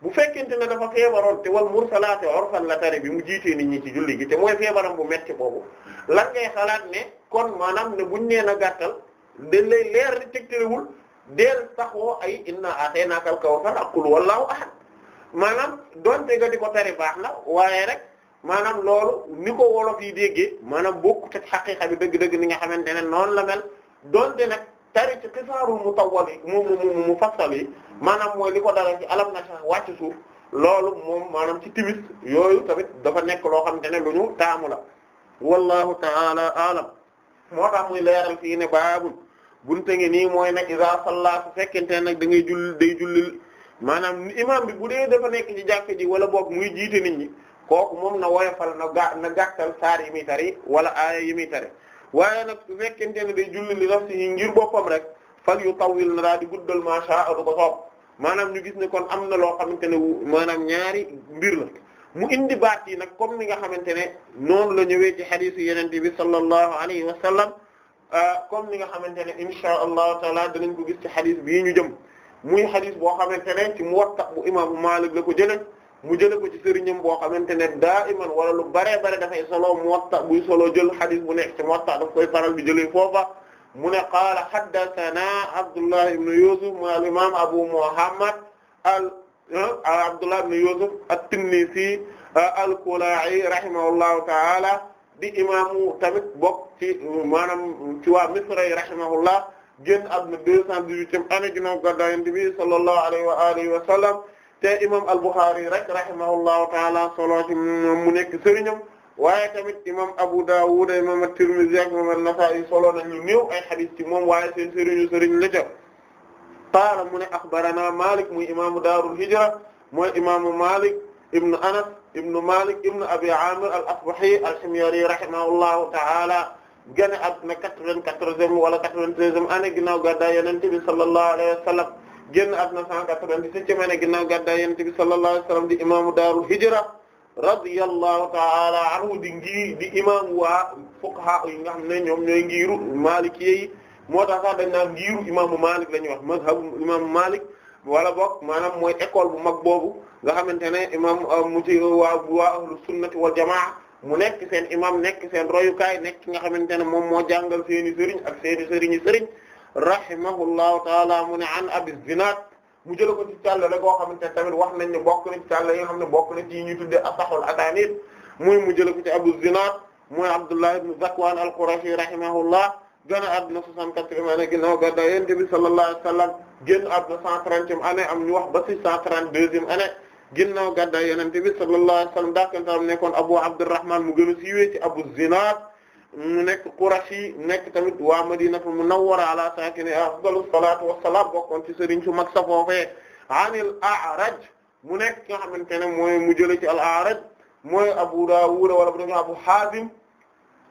bu fekkente ne dafa feebaroon te wal mursalaati urfan la tari bi mu jiitee nit ñi ci julli gi te mooy feebaram bu metti boobu lan ngay xalaat ne kon maanaam ne buñ nee na gàttal dañ lay leer tegtalewul deel saxoo ay inna ataynaakal kawsar ak qul wallahu ahad maanaam donte nga di ko tere baax na waaye rek maanaam loolu ni ko wolof yi déggee maanaam bokku te xaqiiqa bi dëgg-dëgg ni nga xamante ne noonu la mel donte nag tari ci xisaarul mu yi mu mu mu fassal yi maanaam mooy li ko dara ci alam na sax wàcc loolu moom maanaam ci timis yooyu tamit dafa nekk loo xamante ne lu ñu taamu la wallahu ta'ala alam moo tax muy leeral fii ne baabul bunte ngi nii mooy ne iza salla su fekkente nag da ngay jull day julli maanaam imam bi bu dee dafa nekk ci jàkka ji wala boog muy jiite nit ñi kooku moom na woyofal na ga na gàttal saar yi tari wala aaya yi muy tari waaye nag su fekkente ne day julli li nafsihi ngir boppam rek fal yu tawil na daal di guddal ma sha Allah ko soob maanaam ñu gis ne kon am na loo xamante ne maanaam ñaari mbir la mu indi baat yi nag comme ni nga xamante ne noonu la ñëwee ci hadith yenente bi sallallahu alayhi wa sallam Euh, comme ni nga xamante ne insha allahu taala dinañ ko gis ci xadis bii ñu jëm muy xadis boo xamante ne ci Muwatta bu imaamu Maalik la ko jëlee mu jëlee ko ci sëriñam boo xamante ne daa iman wala lu baree bare dafay solo Muwatta buy solo jël xadis bu nekk ci Muwatta daf koy faral bi jëlee foofa mu ne qaala haddathana Abdullah ibn Yusuf mu al imaam Abu Muhammad al ah, Abdullah ibn Yusuf at-Tinnisi ah, al-Kula'i rahimahullahu ta'ala di imaamu tamit bokk ci maanaam ci waa Misra yi rahimahullah génn àdduna deux cent dix-huitième année ginnaaw gàddaay Yonent bi sallallahu alayhi wa alihi wa sallam te imam al-Bukhari rek rahimahullahu taala solo ci mu nekk sëriñam waaye tamit imam Abu Dawud imam at-Tirmidhi ak imam an-Nasa'i solo nañu néew ay hadith ci moom waaye seen sëriñu sëriñ la ca qaala mu ne akhbarana Malik muy imaamu daarul hijra mooy imaamu Malik ibn Anas ibnu Malik ibnu Abi Amir al-Asbahi al-Himyari rahimahullahu ta'ala génn àdduna quatre-vingt-quatorzième wala quatre-vingt-treizième année ginnaaw gàddaay Yonent bi sallallahu alayhi wa sallam génn àdduna cent quatre-vingt-dix-septième année ginnaaw gàddaay Yonent bi sallallahu alayhi wa sallam di imaamu daarul hijra radiyallahu ta'ala anhu di ngi di imaam waa fuqaha yi nga xam ne ñoom ñooy ngiiru Maliki yi moo tax sax dañ naan ngiiru imaamu Malik la ñuy wax mazhabu imaamu Malik wala bokk maanaam mooy école bu mag boobu nga xamante ne imam euh, mu ci euh, waa waa ahlu sunnati wal jamaa mu nekk seen imam nekk seen royukaay nekk nga xamante ne moom moo jàngal seeni sëriñ ak seeni sëriñi sëriñ rahimahullahu taala mu ne an abi zinaad mu jëla ko ci càllale goo xamante ne tamit wax nañ ne bokk na ci yi nga xam ne bokk na ci yi ñuy tuddee asaxul asanid muy mu jëla ko ci abu zinaad mooy abdullah ibn zakwaan al-qurashi rahimahullah gën a àdduna 64 année ginnaaw gàddaay yonent bi e année am ñu wax ba ci 132e année ginnaaw gàddaay yonent bi sallallahu alayhi wasallam daakantaam nekkoon Abu Abdurrahman mu gën a siiwee ci Abu Zinad mu nekk Qurashi nekk tamit waa Madinatu Munawwara ala saakini afdalu salaatu wassalaam bokkoon ci sëriñ su mag sa foofee anil A'raj mu nekk nga xamante ne mooy mu jëlee ci al A'raj mooy Abu Dawud wala bu danga Abu Hazim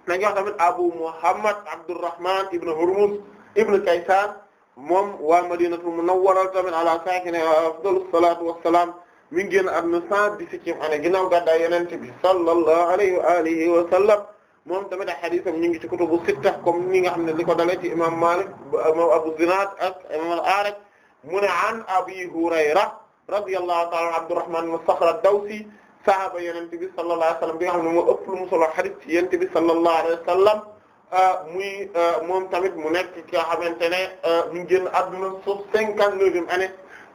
na nga tamit Abu Muhammad Abdurrahman ibn Hurmuz ibn Kaysan moom waa Madinatu Munawwara tamit ala saakini afdalu salaatu wassalaam mi ngi génn àdduna cent dix-septième année ginnaaw gàddaay yonent bi sallallahu alayhi wa alihi wa sallam moom tamit ay xadiisam ñu ngi ci kutubu sitta comme ni nga xam ne li ko dalee ci imam Malik imam Abu Zinad ak imam al-A'raj mu ne an Abi Hurayra radiyallahu ta'ala Abdurrahman ibn Sakhr ad-Dawsi sahaaba yonent bi sallallahu alayhi wa sallam bi nga xam ne moo ëpp lu mu solo xadiis ci yonent bi sallallahu alayhi wa sallam euh, muy euh, moom tamit mu nekk ki nga xamante ne ñu euh, ngi génn àdduna sauf cinquante-neuvième année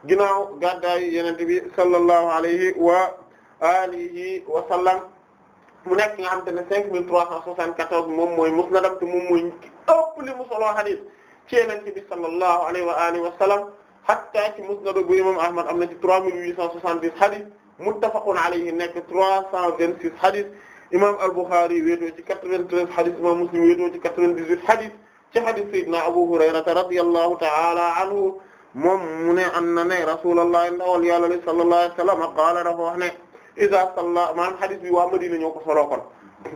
ginnaaw gàddaayu Yonent bi sallallahu alayhi wa alihi wa sallam mu nekk nga xam te ne 5374 moom mooy musnadam te moom mooy ëpp li mu solo hadith ci Yonent bi sallallahu alayhi wa alihi wa sallam hatta ci musnad bu imam Ahmad am na ci 3870 hadith muttafaqun alayhi nekk 326 hadith imam al-Bukhari wéetoo ci 93 hadith imam Muslim wéetoo ci 98 hadith ci hadith Sayyidina Abu Hurayrata radiyallahu ta'ala anhu moom mu ne an na ne rasulullah ndawal yàlla li sallallahu alayhi wa sallam qaala dafa wax ne iza salla maanaam hadith bi waa Madina ñoo ko solo kon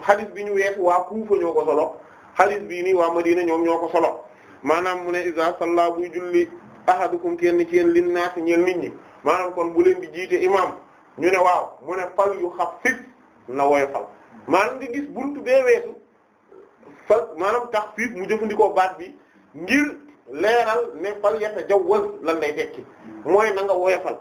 hadith bi ñu weesu waa Kufa ñoo ko solo hadith bii ni waa Madina ñoom ñoo ko solo maanaam mu ne iza salla buy julli ahadukum kenn ci yéen lin naas ñeel nit ñi maanaam kon bu leen di jiite ñu ne waaw mu ne fal yu xaffif na woyofal maanaam di gis buntu bee weesu fa maanaam taxfiif mu jëfandikoo baat bi ngir. leeral ne fal yatajawwaz lan lay tekki mooy na nga woyofal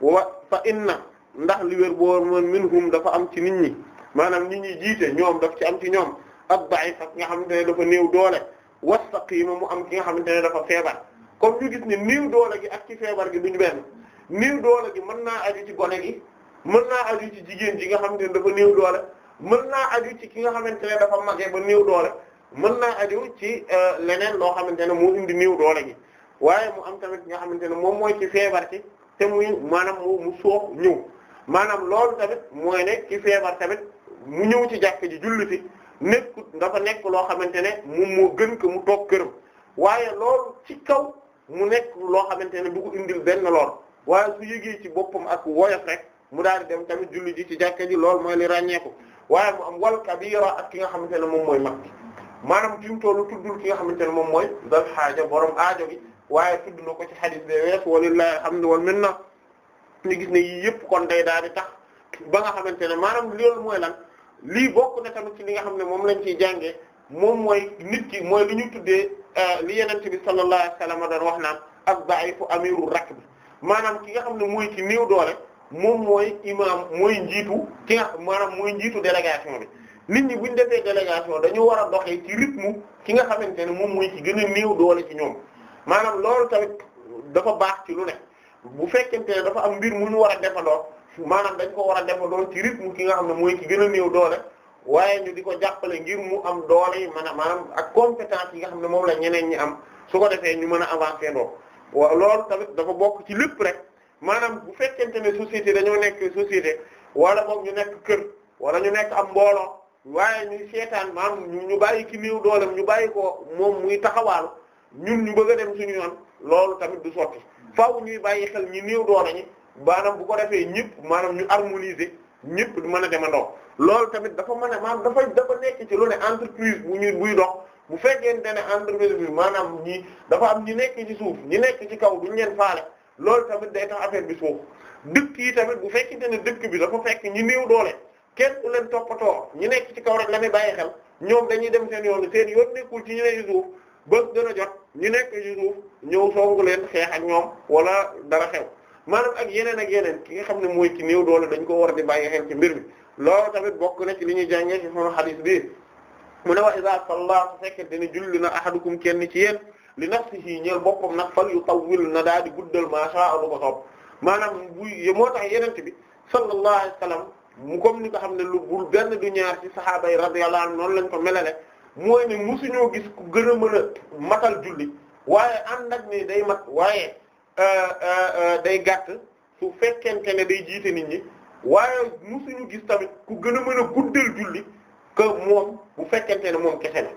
wa fa inna ndax li wér boo moon minhum dafa am ci nit ñi maanaam nit ñi jiite ñoom daf ci am ci ñoom ad-da'if ak nga xamante ne dafa néew doole wastaqima mu am ki nga xamante ne dafa feebar comme gis ne doole gi ak ci feebar gi duñu benn néew doole gi mën naa aju ci gone gi mën naa aju ci jigéen ji nga xam xamante ne dafa néew doole mën naa aju ci ki nga xamante ne dafa màggee ba néew doole mën naa aju ci euh, leneen loo xamante ne moo indi niw doole gi waaye mu am tamit nga xamante ne moom mooy ci feebar ci te muy maanaam mu soox ñëw maanaam loolu tamit mooy ne ci feebar mu ñëw ci jàkk ji julliti nekkut dafa nekk loo xamante ne mu gën ko mu toog këram waaye loolu ci kaw mu nekk loo xamante ne du ko indil benn lool waaye su yëgee ci boppam ak woyof rek mu daal di dem tamit julli ji ci jàkk ji loolu mooy li ràññeeku waaye mu am wal kabira ak ki nga xamante ne moom mooy mag bi maanaam fi mu tollu tuddul ki nga xamante ne moom mooy dal xaaja borom aajo bi waaye tudd ko ci xadis bi wees walillahi alhamdu wal minna ñu gis ne yii yëpp kon day daal di tax ba nga xamante ne maanaam loolu mooy lan lii bokk na tamit ci li nga xam ne moom lañ ciy jàngee moom mooy nit ki mooy li ñu tuddee euh, li yenente bi sallallahu alayhi wasallam doon wax naan ad-da'ifu amiru rakb maanaam ki nga xam ne mooy ci néew doole moom mooy imaam mooy njiitu ki nga maanaam mooy njiitu délégation bi nit ñi bu buñ defee délégation dañu war a doxee ci rythme ki nga xamante ne moom mooy ci gën a néew doole ci ñoom maanaam loolu tamit dafa baax ci lu ne bu fekkente ne dafa am mbir mu ñu war a defandoo maanaam dañ ko war a defandoo ci rythme ki nga xam ne mooy gën a néew doole waaye ñu ko jàppale ngir mu am doole yi maanaam ak compétence yi nga xam ne moom la ñeneen ñi am su ko defee ñu mën a avancer ndoo waaw loolu tamit dafa bokk ci lépp rek maanaam bu fekkente ne société dañoo nekk société wala boog ñu nekk kër wala ñu nekk am mbooloo waaye ñuy seetaan maam ñu ñu bàyyi ki néew dooleem ñu bàyyi ko moom muy taxawaal ñun ñu bëgg dem suñu yoon loolu tamit du sotti faaw ñuy bàyyi xel ñi néew doole ñi maanaam bu ko defee ñëpp maanaam ñu harmoniser ñëpp mën a demandoo loolu tamit dafa mën a maanaam dafa dafa nekk ci lu ne entreprise bu ñuy buy dox bu fekkente ne entreprise bi maanaam ñi dafa am ñi nekk ci suuf ñi nekk ci kaw duñ leen faale loolu tamit day tax affaire bi suuf dëkk yi tamit bu fekkente ne dëkk bi dafa fekk ñi néew doole. kenn du leen toppatoo ñu nekk ci kaw rek la muy bàyyi xel ñoom dañuy dem seen yoonu seen yoon nekkul ci ñu ne ci suuf ba a jot ñu nekk ci suuf ñëw songu leen xeex ak ñoom wala dara xew maanaam ak yeneen ak yeneen ki nga xam ne mooy ci néew doole dañ ko war di bàyyi xel ci mbir mi loolu tamit bokk na ci li ñuy jàngee ci sunu hadith bi mu ne wa iza salla su fekkente ni julli na ahadukum kenn ci yéen li nafsihi ñeel boppam nag fal yu tawwil na daal di guddal ma sha Allah ko soob maanaam bu moo tax yeneen bi sallallahu alayhi wasallam mu comme ni nga xam ne lu bul benn du ñaar ci saxaaba yi radiyallahu anhum noonu lañ ko melale mooy ne ñoo gis ku gën a mën a matal julli waaye ànd ak ni day mat waaye euh, euh, euh, day gàtt su fekkente ne day jiite nit ñi waaye musuñu gis tamit ku gën a mën a guddal julli que moom bu fekkente ne moom kese na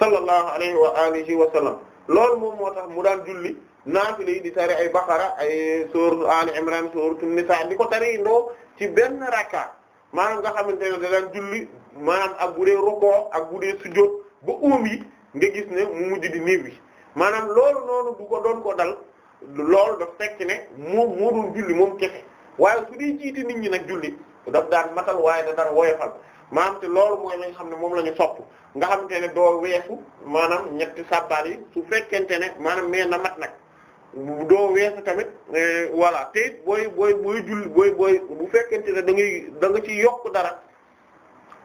sallallahu alayhi wa alihi wa sallam loolu moom moo tax mu daan julli naafila yi di tari ay baqara ay sourate al imran sourate nisa di ko tari ndoo ci benn rakka maanaam nga xamante ne da daan julli maanaam ak bu dee ak bu dee sujjóot ba uum yi nga gis ne mu mujj di néew yi maanaam loolu noonu du ko doon ko dal lool daf fekk ne moom moo doon julli moom kese waaye su dee jiite nit ñi nag julli daf daan matal waaye da daan woyofal maanaam te loolu mooy la xam ne moom la ñu sopp nga xamante ne doo weesu maanaam ñetti sàbbaal yi su fekkente ne maanaam mais na mat nag doo weesu tamit eh, voilà te it booy booy booy julli bu fekkente ne da ngay da nga ci yokk dara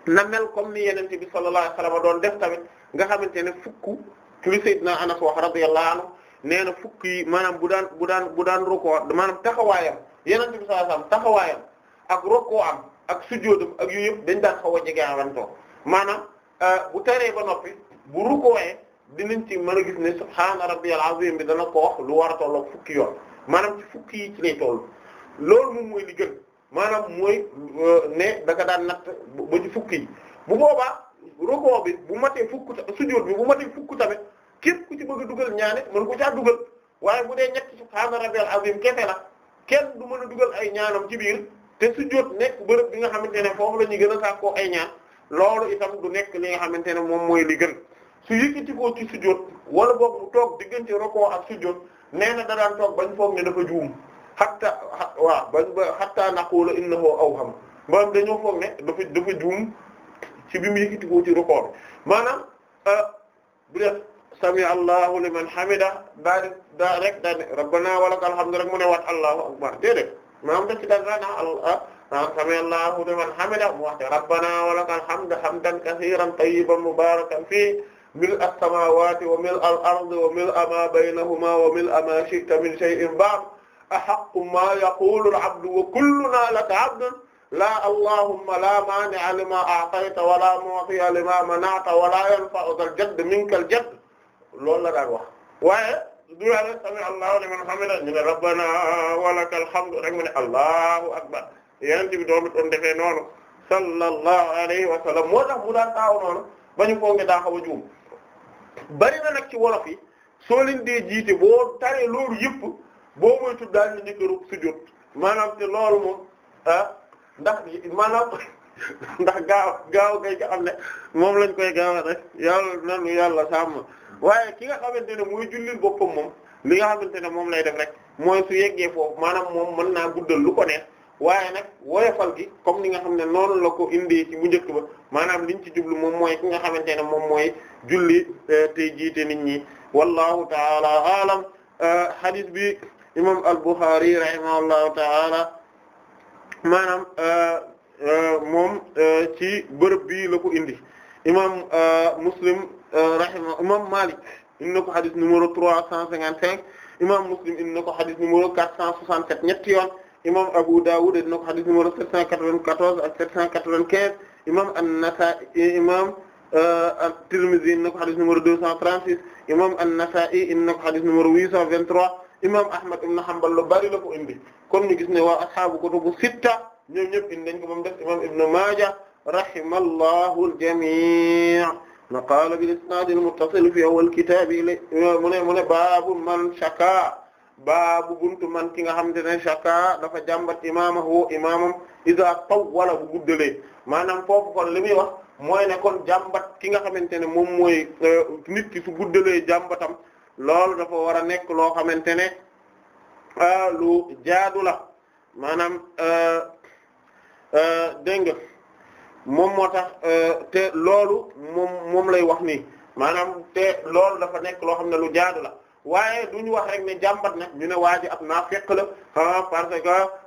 na mel comme ni yenente bi sallallahu alayhi doon def tamit nga xamante ne fukk li Seydina Anas wax radiyallahu anhu nee na fukk yi maanaam bu daan bu daan bu daan roko maanaam taxawaayam yenente bi sallallahu taxawaayam ak roko am ak sujjóotam ak yu dañ daan xaw a jege awantoo maanaam eh, bu taree ba noppi bu rukkooyee dinañ ci mën a gis ne subhaana rabbiyal azim bi dana ko wax lu war a tolloog fukki yoon maanaam ci fukki yi ci lay toll loolu moom mooy li gën maanaam mooy euh, ne da daan natt ba ci fukki bu boobaa rukoo bi bu matee fukk sujjóot bi bu matee fukk tamit képp ku ci bëgg a dugal ñaane mën ku caa dugal waaye bu dee ñetti subhaana rabbiyal azim kese la kenn du mën a dugal ay ñaanam ci biir te sujjóot nekk bërëb bi nga xamante ne foofu la ñuy gën a sàkkoo ay ñaan loolu itam du nekk li nga xamante ne moom mooy li gën su yëkkatikoo ci sujjóot wala boog mu toog diggante roko ak sujjóot nee na da daan toog bañ foog ne dafa juum hatta waaw ba ba hatta naqula innahu awham maanaam dañoo foog ne dafa dafa juum ci bi mu yëkkatikoo ci roko maanaam euh, bu def sami allahu liman hamida daa di daa rek daa ne rabbana walakal hamdu rek mu ne waat allahu akbar déedéet maanaam da ci daan daa naa ah, ah, ah sami allahu liman hamida mu wax te rabbana walakal hamdu hamdan kasiiran tayyiban mubarakan fii mil as-samawati wa mil al-ardi wa mil ama baynahuma wa mil ama shi'ta min shay'in ba'd ahaqqu ma yaqulu al-'abdu wa kulluna laka 'abdun la allahumma la mani'a lima a'tayta wa la mu'tiya lima mana'ta wa la yanfa'u dhal-jadd minka al-jadd loolu la daan wax waaye duwaane sami allahu liman hamida ñu ne rabbana wa lakal hamdu rek mu ne allahu akbar yonent bi doon doon defee noonu sallallahu alayhi wa sallam moo tax mu daan taaw noonu bañu foog ne daa xaw a juum bari na nag ci wolof yi soo leen dee jiite boo taree loolu yëpp boo mooy tuddaal na njëkk a rukk sujjóot maanaam te loolu moom ah ndax maanaam ndax gaaw gaaw gay nga xam ne moom lañ koy gaawa rek yàlla nanu yàlla sàmm waaye ki nga xamante ne mooy jullil boppam moom li nga xamante ne moom lay def rek mooy su yeggee foofu maanaam moom mën naa guddal lu ko neex waaye nag woyofal gi comme ni nga xam ne noonu la ko indee ci bu njëkk ba maanaam liñ ci jublu moom mooy ki nga xamante ne moom mooy julli eh, tey jiite nit ñi wallahu taala alam eh, hadith bi imam al-Bukhari rahimahullahu taala maanaam eh, moom ci bërëb bi la ko indi imam Muslim rahima imam Malik indi na ko hadith numéro trois cent cinquante cinq imam Muslim indi ko hadith numéro quatre cent soixante sept ñetti yoon imam Abu Dawud dina ko xadis numéro 794 ak 795 imam An-Nasa'i imam euh, At-Tirmidhi dina ko xadis numéro 236 imam An-Nasa'i dina ko xadis numéro 823 imam Ahmad ibn Hanbal lu bari la ko indi kon ñu gis ne waa ashaabu kutubu sitta ñoom ñëpp indi nañ ko moom def imam Ibn Maaja rahimallahu al-jamii' na qaala bil isnaad al-muttasil fi awwal kitaab mu ne mu ne baabu man shaka baabu buntu man ki nga xamante ne shaka dafa jàmbat wu imaamam isa taw wala bu guddalee maanaam foofu kon li muy wax mooy ne kon jàmbat ki nga xamante ne moom mooy euh, nit ki su guddalee jàmbatam loolu dafa war a nekk loo xamante ne euh, lu jaadu la maanaam euh, dégg nga moom moo tax te loolu moom moom lay wax ni maanaam te loolu dafa nekk loo xam ne lu jaadu la waaye duñu wax rek ne jàmbat na ñu ne waa ji ab naafiq la parce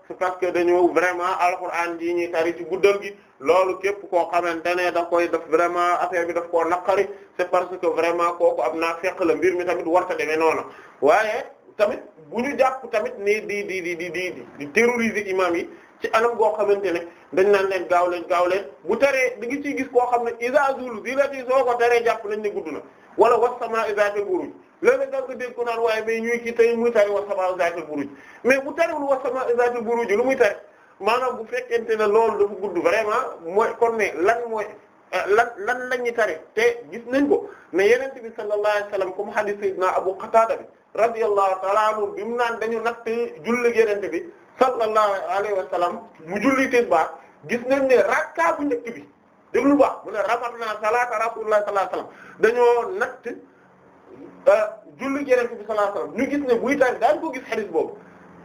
que parce que dañoo vraiment alxuraan ji ñuy tari ci guddal gi loolu képp koo xamante ne daf koy def vraiment affaire bi daf koo naqari c'est parce que vraiment kooku ab naafiq la mbir mi tamit warta demee noona waaye tamit bu ñu jàpp tamit ni di di di di di di terroriser imam yi ci anam goo xamante ne dañ naan leen gaaw leen gaaw leen bu teree di ngi ciy gis koo xam ne isa zul zilati soo ko teree jàpp nañ ne gudd na wala wasama isatil buruj léeg-léeg da ko dégg ko naan waaye mais ñuy kii tey muy tari wasama isatil buruj mais bu terewul wasama isatil buruj lu muy tere maanaam bu fekkente ne loolu dafa gudd vraiment mooy kon ne lan mooy lan lan la ñuy tare te gis nañ ko ne yenente bi sallallahu alayhi wasallam comme hadith sayyidina Abu Qatada bi radiyallahu ta'ala anhu bi mu naan dañu natt julli yenente bi sallallahu alayhi wa sallam mu julli tisbaar gis nañ ne rakka bu njëkk bi déglu baax mu ne rafatna salaata rasulullah sallallahu alayhi wa dañoo natt euh, julli yeneen bi sallallahu alayhi wa sallam ñu gis ne buy tànn daañu ko gis xadis boobu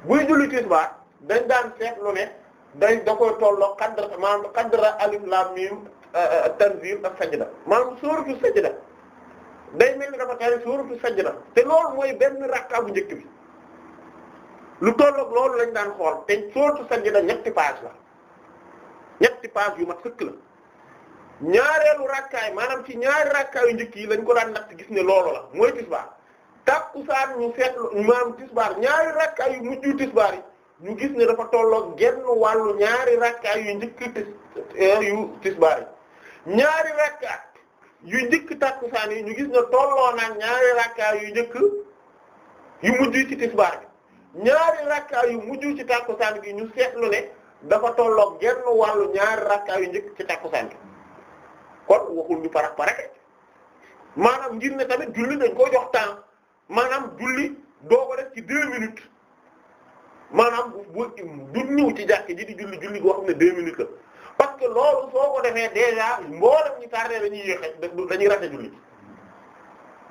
buy julli tisbaar dañ daan seetlu ne dañ da koy tolloo qadra maanaam qadra alif lam mim euh, tanzil ak sajda maanaam suuratu sajda day mel ni dafa tari suuratu sajda benn rakka bu njëkk bi. lu tolloog loolu lañ daan xool te sootu sajda ñetti page la ñetti page yu ma sëkk la ñaareelu rakkaay maanaam ci ñaari rakkaayu njëkk yi lañ ko daan natt gis ne loolu la mooy tisbaar tàkkusaan ñu ñaari rakkaay yu mujju yi ñu gis ne dafa tollook genn wàllu ñaari rakkaay yu njëkk tis eh, yu tisbaar yi ñaari rakkaay yu njëkk tàkkusaan yi ñu gis ne tolloo na ñaari rakkaay yu njëkk yu mujj ci tisbaar bi ñaari rakkaa yu mujj ci tàkkusaan gi ñu seetlu ne dafa tolloog genn wàllu ñaari rakkaa yu njëkk ci tàkkusaan gi kon waxul ñu parax paraxe maanaam ngir ne tamit julli dañ koo jox temps maanaam julli doo ko ci deux minutes maanaam bu du ñëw ci jàkk ji di julli julli goo xam ne deux minutes la parce que loolu soo ko defee déjà mboolem ñu tardé dañuy yéexe dañuy raté julli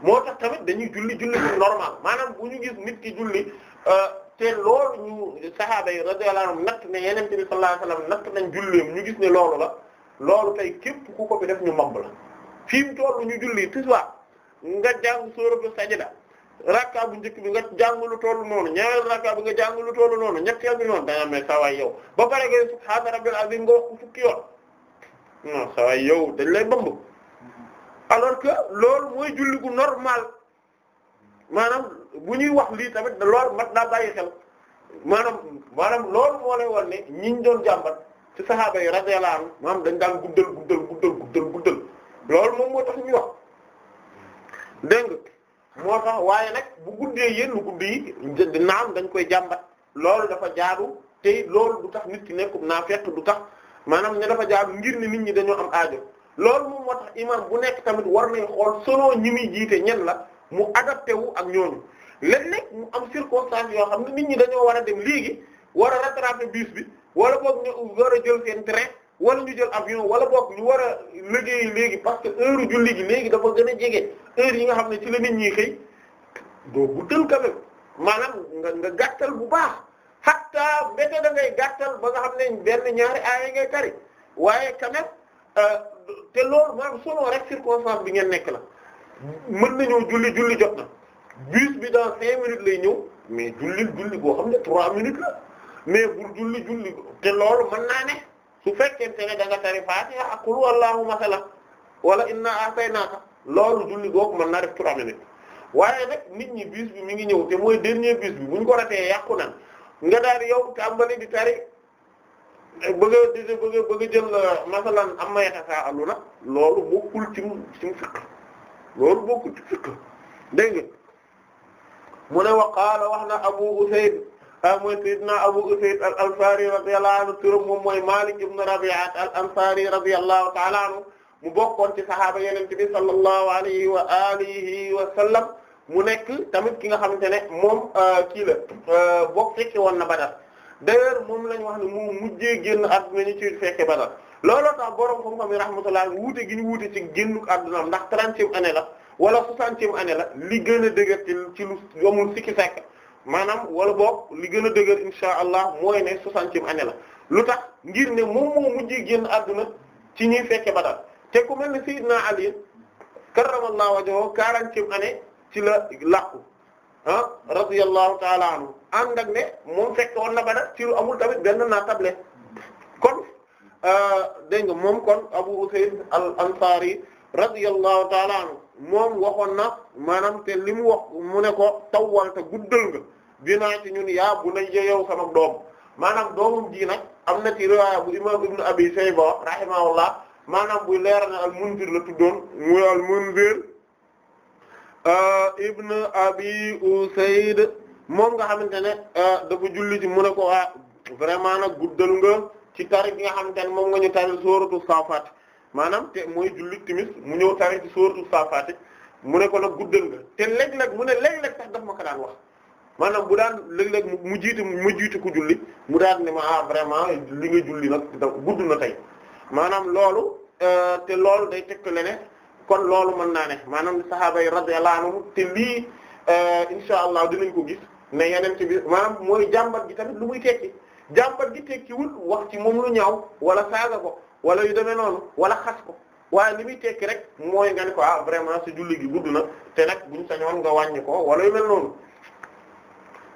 moo tax tamit dañuy julli julli bu normal maanaam bu ñu gis nit ki julli te loolu ñu sahaaba yi radiyallahu anhum natt ne yenente bi sallallahu alayhi wasallam natt nañ ñu gis ne loolu la loolu tey képp ku ko bi def ñu mabb la fi mu tollu ñu julli tisbaar nga jàng sóoratu sajda rakka bu njëkk bi nga jàng lu toll noonu ñaareel rakka nga jàng lu toll noonu ñetteel bi noonu danga amee sawaay yow ba pare nga subhaana rabbil azim nga wax ko fukki yoon non sawaay yow dañ lay bamb alors que loolu mooy julli gu normal maanaam bu ñuy wax lii tamit lool mat naa bàyyi xel maanaam maanaam loolu moo lay won ne ñiñ doon jàmbat ci sahaaba yi radiyallahu anhum maanaam dañ daan guddal guddal guddal guddal guddal loolu moom moo tax ñuy wax dégg moo tax waaye nag bu guddee yéen lu gudd yi naam dañ koy jàmbat loolu dafa jaadu te loolu du tax nit ci nekkum naa fekk du tax maanaam ne dafa jaadu ngir ne nit ñi dañoo am aajo lool moom moo tax imam bu nekk tamit war nañ xool selon ñi muy jiite ñen la mu adapté wu ak ñooñu léeg-léeg mu am circonstance yoo xam ne nit ñi dañoo war a dem léegi war a rattraper bus bi wala boog ñu war a jël seen train wala ñu jël avion wala boog ñu war a liggéey léegi parce que heure julli gi léegi dafa gën a jege heure yi nga xam ne ci la nit ñi xëy doo guddal quand maanaam nga nga gàttal bu baax hatta mbéte da gàttal ba nga xam ne benn ñaari aaya ngay tari waaye quand même euh, te loolu maanaam selon rek circonstance bi ngeen nekk la mën nañoo julli julli bus bi dans cinq minutes lay ñëw mais jullil julli boo xam ne trois minutes la mais bul julli julli te loolu mën naa ne su fekkente ne da nga tari Fatiha ak qul huwallahu masala wala inna a'taynaaka loolu julli googu mën naa def trois minutes waaye rek nit ñi bus mi ngi ñëw te mooy dernier bus bi bu ñu ko ratee yàqu na nga daal yow tàmbali di tari bëgg a a bëgg a jël euh, masalan am na yaxasaa alu na loolu bokkul ci mu ci mu fiqh loolu bokkul ci fiqh dégg mu ne wa qaala wax na Abu Usayd ah, mooy sayyidina Abu Usayd al-Ansari radiyallahu anhu turam moom mooy Malik ibn Rabi'a al-Ansari radiyallahu ta'ala anhu mu bokkoon ci saxaaba Yonent bi sallallahu alayhi wa alihi wa sallam mu nekk tamit ki nga xamante ne moom ah, kii la ah, bokk fekke woon na Badar d'ailleurs moom lañ wax ne mu mujjee génn àdduna ñu ci fekke Badar looloo tax borom xam-xam yi rahmatullah wuute gi ñu wuute ci génnu ndax trentième année la wala soixantième année la li gën a dëgër ci lu yomul sikki sàkk maanaam wala boo li gën a dëgër insha allah mooy ne soixantième année la lu tax ngir ne moom moo mujj génn àdduna ci ñuy fekke Badar te ku mel ne Sayyidina Ali karramallahu wajhahu quarantième année ci la làqu ah ta'ala anhu ànd ak ne moom fekk woon na Badar ci lu amul tamit benn naa table kon euh, dégg nga moom kon Abu Usayd al-Ansari radiyallahu ta'ala anhu moom waxoon na maanaam te li mu wax mu ne ko tawwal te guddal nga dinaa ci ñun yaa bu nañ yow sama doom maanaam doomam ji nag am na ci riwaaya bu imam ibnu abi shayba rahimahullah maanaam buy leera na al munzir la tuddoon muy al munzir euh, ibn abi usayd moom nga xamante ne euh, dafa julli ci mu ne ko ah vraiment nag guddal nga ci tari bi nga xamante ne moom nga ñu tari sóoratu saafat maanaam te mooy julli timis mu ñëw tari ci sóoratu saafaati mu ne ko nag guddal nga te léeg-léeg mu ne léeg-léeg sax daf ma ko daan wax maanaam mu daan léeg-léeg mu jiite mu jiite ku julli mu daan ne ma ah vraiment li nga julli nag gudd na tey maanaam loolu euh, te loolu day tegtale ne kon loolu mën naa ne maanaam sahaaba yi radiyallahu anhum te lii euh, insha allah dinañ ko gis ne yeneen ci biir maanaam mooy jàmbat gi tamit lu muy tekki jàmbat gi tekkiwul wax ci moom lu ñaaw wala saaga ko wala yu demee noonu wala xas ko waaye li muy tekki rek mooy nga ko ah vraiment si julli gi gudd na te nag buñ sañoon nga wàññi ko wala yu mel noonu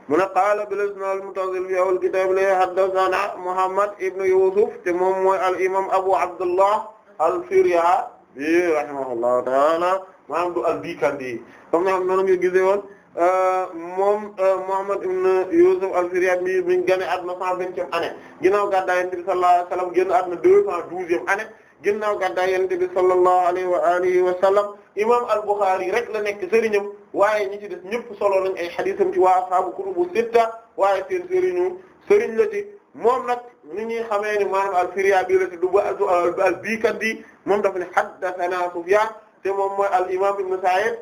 mu ne qaala bilisnal muttasil fi awal kitab li haddathana muhammad ibnu yusuf te moom mooy al imam abu abdullah al firyabi rahimahullahu taala maanaam du al bikandi comme ne noonu nga gisee woon moom euh, Muhammad ibn Yusuf al bii mi ngi génn àdduna cent vingtième année ginnaaw gàddaay Yonent bi sallallahu alayhi wa sallam génn àdduna deux cent douzième année ginnaaw gàddaay Yonent bi sallallahu alayhi wa alihi wa imam al-Bukhari la nekk sëriñam waaye ñi ci def ñëpp solo lañ ay xadiisam ci waa ashaabu kutubu sitta waaye seen sëriñu sëriñ la ci moom nag ni ñuy xamee ni maanaam al-Firyaabi la ci du ba euh, al-Bikandi moom dafa ne haddathana Sufyaan te moom mooy al-imam ibn Sa'id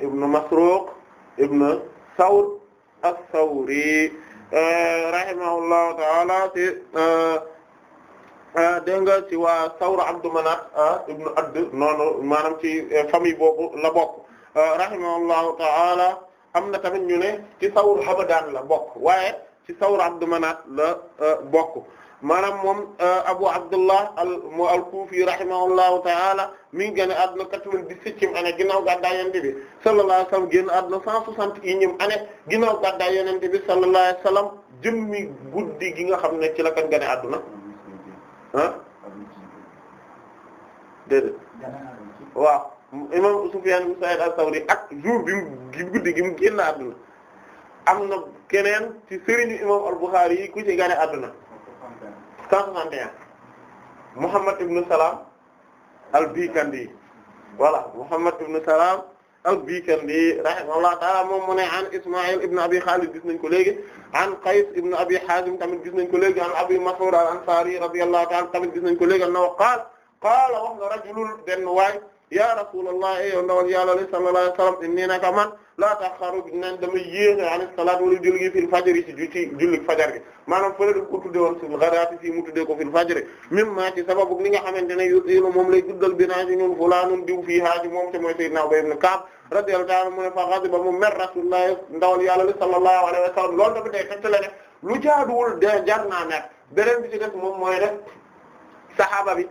ibn Masruq ibn Sawr as-Sawri euh, rahimahullahu ta'ala ci euh, euh, dégg nga ci waa Sawr Abdu Manaat ibn Abd noonu maanaam ci famille boobu la bokk rahimahullahu ta'ala am na tamit ñu ne ci Sawr Habadan la bokk waaye ci Sawr Abdu Manaat la bokk maanaam moom euh, Abu Abdullah al mu al rahimahullahu ta'ala mi ngi génn quatre-vingt-dix-septième année ginnaaw gàddaay Yonent bi sallallahu alayhi wa sallam génn àdduna cent soixante et unième année ginnaaw gàddaay Yonent bi sallallahu alayhi wa guddi gi nga xam ne ci la kan génn àdduna ah déedéet waaw imam Sufyan ibn Sa'id al-Thawri ak jour bi guddi gi mu génn àdduna am na keneen ci sëriñu imam al-Bukhari yi ku ci génn àdduna 161 Muhammad ibn Salam al-Bikandi voilà Muhammad ibn Salam al-Bikandi rahimahullah ta'ala moom mu ne an Isma'il ibn Abi Khalid gis nañ ko léegi an Qays ibn Abi Hazim tamit gis nañ ko léegi an Abi Mas'ud al-Ansari radiyallahu ta'ala tamit gis nañ ko léegi annahu qaala qaala wax nga rajulun benn waay ya Rasulullah eh, yow ndawal yàlla sallallahu alayhi wa sallam inni naka man laa taxaru naan damay yéexe an salaat wala julli gi fil fajri ci ci julli fajar gi maanaam fële daf ko tuddee woon fil ghadaati ko fil fajri même maa ci sababu li nga xamante ne yutilu moom lay guddal binaa ci ñun fulaanun diw fii haaji moom te mooy Seydina Ubay ibn Ka'b radiyallahu ta'ala mu ne fa ghadiba mu mer Rasulullah ndawal yàlla li sallallahu alayhi wa sallam loolu de jar naa mer beneen bi ci def moom mooy def saxaaba bi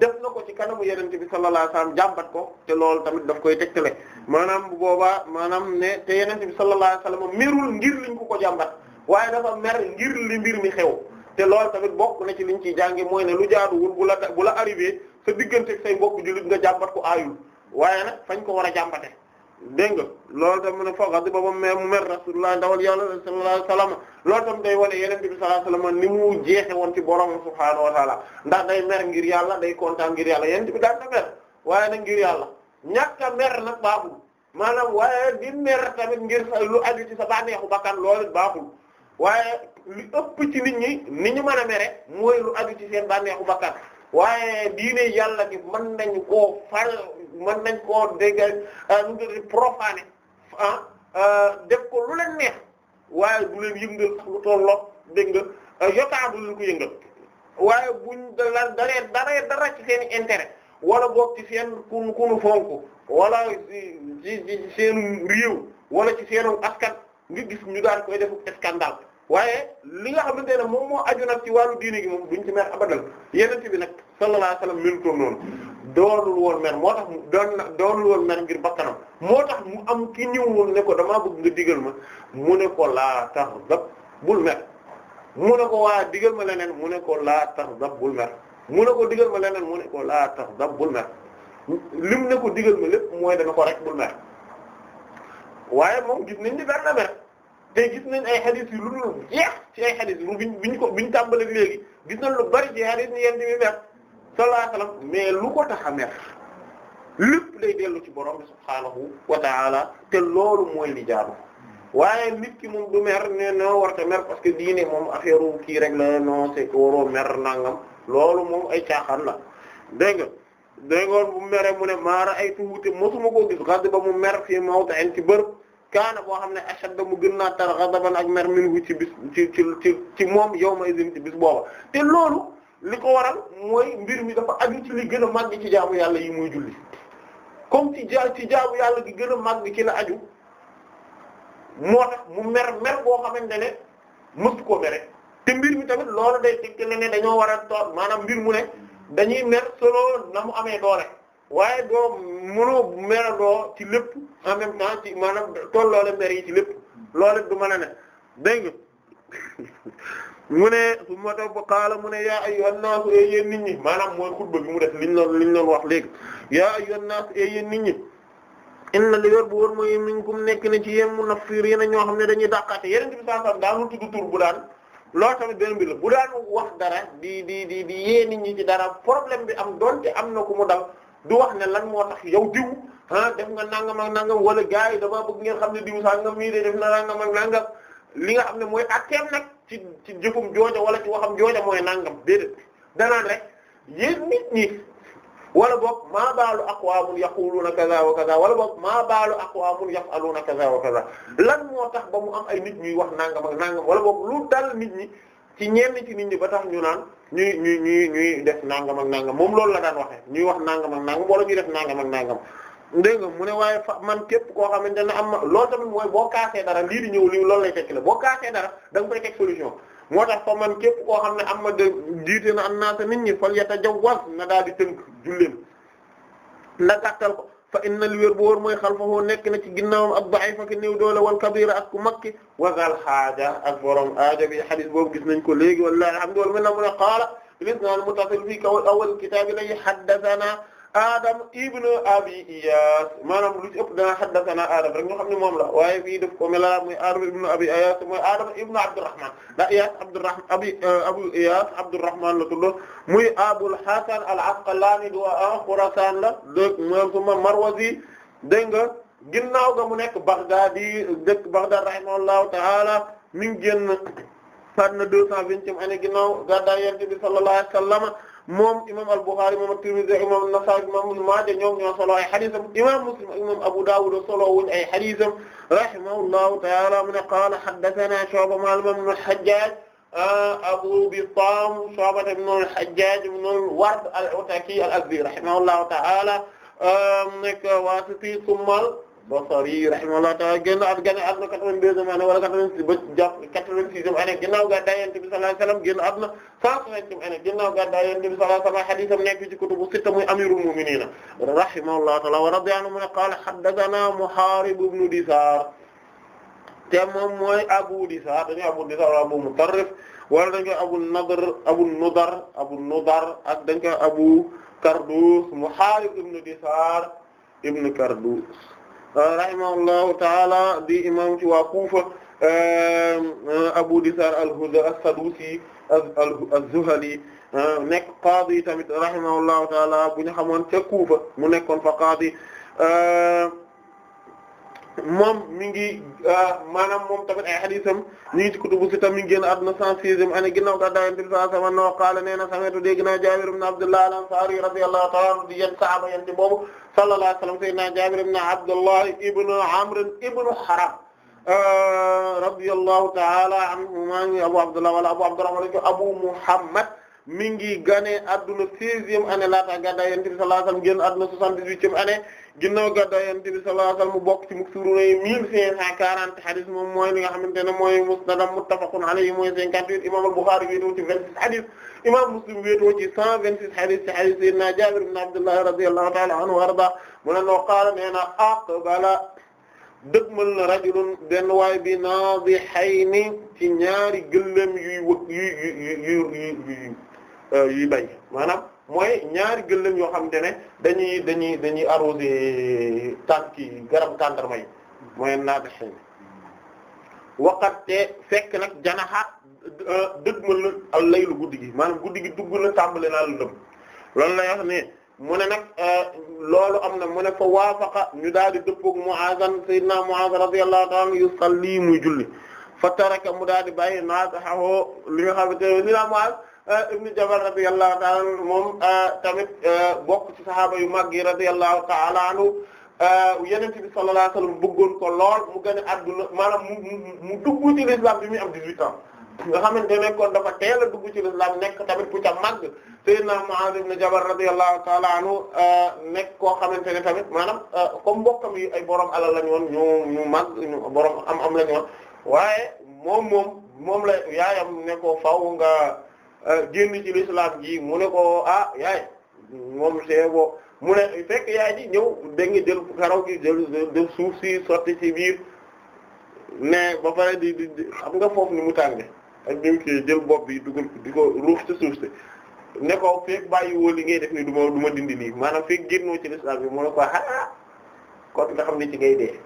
def na ko ci kanamu yonent bi sallallahu alayhi wasallam jàmbat ko te loolu tamit daf koy tegtale maanaam bu boobaa maanaam ne te yonent bi sallallahu alayhi wasallam merul ngir liñ ko ko jàmbat waaye dafa mer ngir li mbir mi xew te loolu tamit bokk na ci liñ ciy jànge mooy ne lu jaaduwul bu la bu la arrivé sa diggante ak say mbokk jullit nga jàmbat ko aayul waaye nag fañ ko war a jàmbate dégg nga loolu tam mu ne foog adi booba mu mer rasulullah ndawal yàlla sallallahu alayhi wasallam loolu tam day wane yeneen bi sallallahu alayhi wasallam ni mu jeexe woon ci borom subhaanahu wa taala ndax day mer ngir yàlla day kontaan ngir yàlla yeneen bi daan na mer waaye nag ngir yàlla ñàkk a mer nag baaxul maanaam waaye di mer tamit ngir lu aju ci sa bànneexu bakkan loolu baaxul waaye li ëpp ci nit ñi ni ñu mën a mere mooy lu aju ci seen bànneexu bakkan waaye diine yàlla bi mën nañ koo fal mën nañ koo dégg ah, nu nga ah, ah, def ko lu leen neex waaye du leen yëngal lu tolloo dégg nga yotaa du leen ko yëngal waaye buñ la daree daree dara ci seen intérêt wala boog ci seen kun kunu fonk wala ci ci seen réew wala ci seenu askan ngi gis ñu daal koy def scandale waaye li nga xamante ne moom moo aju nag ci wàllu diine gi moom duñ ci mer abadan yeneen bi nag sallallahu alayhi wasallam melutoon noonu doonul woon mer moo tax na doonul woon mer ngir bakkanam moo tax mu am kii ñëw woon ne ko damaa bëgg nga digal ma mu ne ko laa tax dab bul mer mu ne ko waa digal ma leneen mu ne ko laa tax dab bul mer mu ko digal ma leneen mu ne ko laa tax dab bul mer lim ne ko digal ma lépp mooy dana ko rek bul mer waaye moom gis nañ ni benn mer. te gis nañ ay xadis yu lu dul jeex ci ay xadis yu biñ biñ ko biñ tàmbali léegi gis nañ lu bari ci xadis ni yéen di muy mer sallallahu alayhi lu ko tax a mer lépp lay dellu ci borom subhaanahu wa ta'ala te loolu mooy li jaadu waaye nit ki moom du mer ne noo war te mer parce que diine moom affaire kii rek la non c'est mer nangam loolu moom ay caaxaan la dégg nga déggoon bu mere mu ne maara ay tuuti mosuma koo gis xas ba mu mer fii mawta en ci bërëb. kaana boo xam ne ashadda mu gën naa tar ghadaban ak mer minhu ci bis ci ci ci ci moom yawma izin ci bis booba te loolu li ko waral mooy mbir mi dafa aju ci li gën a màgg ci jaamu yàlla yi muy julli comme ci ja ci jaamu yàlla gi gën a màgg ci la aju moo tax mu mer mer boo xamante ne mësu ko mere te mbir mi tamit loolu day tegtale ne dañoo war a toog maanaam mbir mu ne dañuy mer solo na mu amee doole. waaye doo mënoo doo ci lépp en même temps ci maanaam tolloole mer ci lépp loolu du mën a ne dégg nga mu ne su ma ta qaala mu ne yaa ay naas e yéen nit ñi maanaam mooy xutba bi mu def liñ loon wax léegi yaa ayyuhan naas e yéen nit ñi inna li yor bu wóor mooy minkum nekk na ci yéen munaffirin ñoo xam ne dañuy dàqaate yeneen bi saa sam daa mun tudd tur bu daan loolu bu daan wax dara di di di di yee nit ñi ci dara problème bi am doonte am na ku mu dal du wax ne lan moo tax yow diw ah def nga nangam ak nangam wala gaa yi dama bëgg ngeen xam ne diw sangam mii de dem na nangam ak nangam li nga xam ne mooy atteem nag ci ci jëfum jooja wala ci waxam jooja mooy nangam déedéet danaan rek yéen nit ñi wala boog maa baalu ak yaquluuna kaza wa kaza wala boog maa baalu aqwaamun yaf'aluuna kaza wa kaza lan moo tax ba mu am ay nit ñuy wax nangam ak nangam wala boog lu dal nit ñi ci ñenn ci nit ñi ba tax ñu naan ñuy ñuy ñuy def nangam ak nangam moom loolu la daan waxee ñuy wax nangam ak nangam wala ñuy def nangam ak nangam dégg nga mu ne waaye fa man képp koo xamante ne am na loolu tamit mooy boo kaasee dara lii di ñëw lii loolu lay tekki la boo kaasee dara da koy teg solution moo tax fa man képp koo xam ne am ma de jiite na am naa sa nit ñi fal yata jaw was na daal di tënk julleem na gàttal ko fa inna li wér bu wóor mooy xalfahu nekk na ci ginnaawam ak da'ifa ki néew doole wal kabira ak ku makki wagal xaaja ak borom aajo bi hadith boobu gis nañ ko léegi wallahi alhamdulillah mu ne qaala al-isnad al-muttasil fi awwal kitaab li haddathana Adam ibn Abi Iyas maanaam lu ci ëpp dana haddathana Adam rek nga xam ne moom la waaye fii daf ko melala muy Adam ibn Abi Iyas mooy Adam ibn Abdurrahman da Iyas Abdurrahman abi eh, Abu Iyas Abdurrahman la tudd muy Abul Hasan al-Asqalani du waa ah, Khurasan la dëkk suma Marwazi dégg nga ginnaaw ga mu nekk Baghdadi dëkk Baghdad rahimahullahu ta'ala mi ngi génn fànn deux cent vingtième année ginnaaw gàddaay Yonent bi sallallahu alayhi wa sallam moom imam al-Bukhari moom at-Tirmidhi imam an-Nasa'i imam Ibn Maaja ñoom ñoo solo ay xadisam imam Muslim imam Abu Dawud solo wuñ ay xadisam rahimahullahu ta'ala mu ne qaala haddathana Shu'ba ma'lum ibn al-Hajjaj Abu Bitam Shu'ba ibn al-Hajjaj ibn al-Ward al-Ataki al-Azdi rahimahullahu ta'ala nekk waasiti summal Basri rahimahullahu ta'ala génn at gane at na quatre-vingt-deuxième année wala quatre-vingt-six ba jàpp quatre-vingt-sixième année ginnaaw gàddaay Yonent bi sallallahu alayhi wasallam génn at na cent cinquantième année ginnaaw gàddaay Yonent bi sallallahu alayhi wasallam hadiisam nekk ci kutubu sitta muy amirul mu'miniin rahimahullahu ta'ala wa radiya anhu mu ne qaala haddathanaa Muhaarib ibn Disaar te moom mooy Abu Disaar dañu Abu Disaar wala Abu Mutarrif wala dañ koy Abu Nadr Abu Nudar Abu Nudar ak dañ koy Abu Kardus Muhaarib ibn Disaar ibn Kardus rahimahullahu taala di imam ci waa Kufa ehm, eh, Abu Disar as-Sadusi az-Zuhali eh, nekk qaadi tamit rahimahullahu taala bu ñu xamoon ca Kufa mu nekkoon fa qaadi eh, moom mi ngi euh, maanaam moom tamit ay hadisam ñu ngi ci kutubu sitta mi ngi génn àdduna 106e année ginnaaw gàddaay Yonent bi sallallahu alayhi wa sallam no qaala nee na sami'tu dégg naa Jaabir ibn Abdullah al-Ansari radiyallahu ta'ala anhu di yéen sahaaba yéen boobu sallallahu alayhi wa sallam sayyidina Jaabir ibn Abdullah ibn Amr ibn Haram euh, radiyallahu ta'ala anhuma Abu Abdullah wala Abu Abdurrahman Abu Muhammad mi ngi ganee adduna seizième année laata gàddaay yonent bi sallallahu alayhi wasallam génn adduna soixante-dix-huitième année ginnaaw gàddaay yonent bi sallallahu alayhi wasallam mu bokk ci muksiruna yi mille cinq cent quarante hadis moom mooy li nga xamante ne mooy musnadam muttafaqun alayhi mooy cinquante-huit imam al-Bukhari wéetoo ci vingt-six hadis imam Muslim wéetoo ci cent vingt-six hadis ci hadis sayyidina Jaabir ibn Abdullah radiyallahu ta'ala anhu wa arda mu ne noo qaala nee na aqbala dëgmal na rajulun benn waay bi naadihayni ci ñaari gëléem Euh, yuy bay maanaam mooy ñaari gëléem yoo xamante ne dañuy dañuy dañuy arrosé tànk ki garab tàndarma yi mooy naataxe bi waqatte fekk nag janaxa euh, dëgmal na al laylu guddi gi maanaam guddi gi dugg na tàmbali naa lu lëm loolu lay wax ne mu ne nag euh, loolu am na mu ne fa waafaqa ñu daal di dëppoog Mu'aazan sayyidina Mu'aaz radiyallahu ta'ala anhu yusalli muy julli fa taraka mu daal di bàyyi naataxawoo li nga xamante ne sayyidina Mu'aaz ibnu Jabal radiyallahu ta'ala anhu moom tamit bokk ci sahaaba yu mag yi radiyallahu ta'ala anhu Yonent bi sallallahu bëggoon ko lool mu gën a adduna mu mu dugg ci l'islam bi muy am 18 ans nga xamante ne kon dafa teel a dugg ci l'islam nekk tamit ku ca mag Seydina Mu'aaz ibn euh, nekk koo xamante ne tamit maanaam euh, comme mbokkam yi ay borom alal lañu woon ñu ñu mag ñu borom am am lañu woon waaye moom moom moom la yaayam ne ko faaw nga. Euh, génn ci lislaam ji mu ne ko ah yaay moom seebo mu ne fekk yaay ji ñëw da jël karaw gi jël suuf si sotti ci biir ne ba pare di di xam nga foofu ni mu tànge ak ñëw kii jël bopp bi dugal di ko ruux ci suuf si ne ko fekk bàyyi woo li ngay def ni du ma du ma dindi nii maanaam fekk génnoo ci lislaam bi mu ne ko ah kon nga xam ne ci ngay dee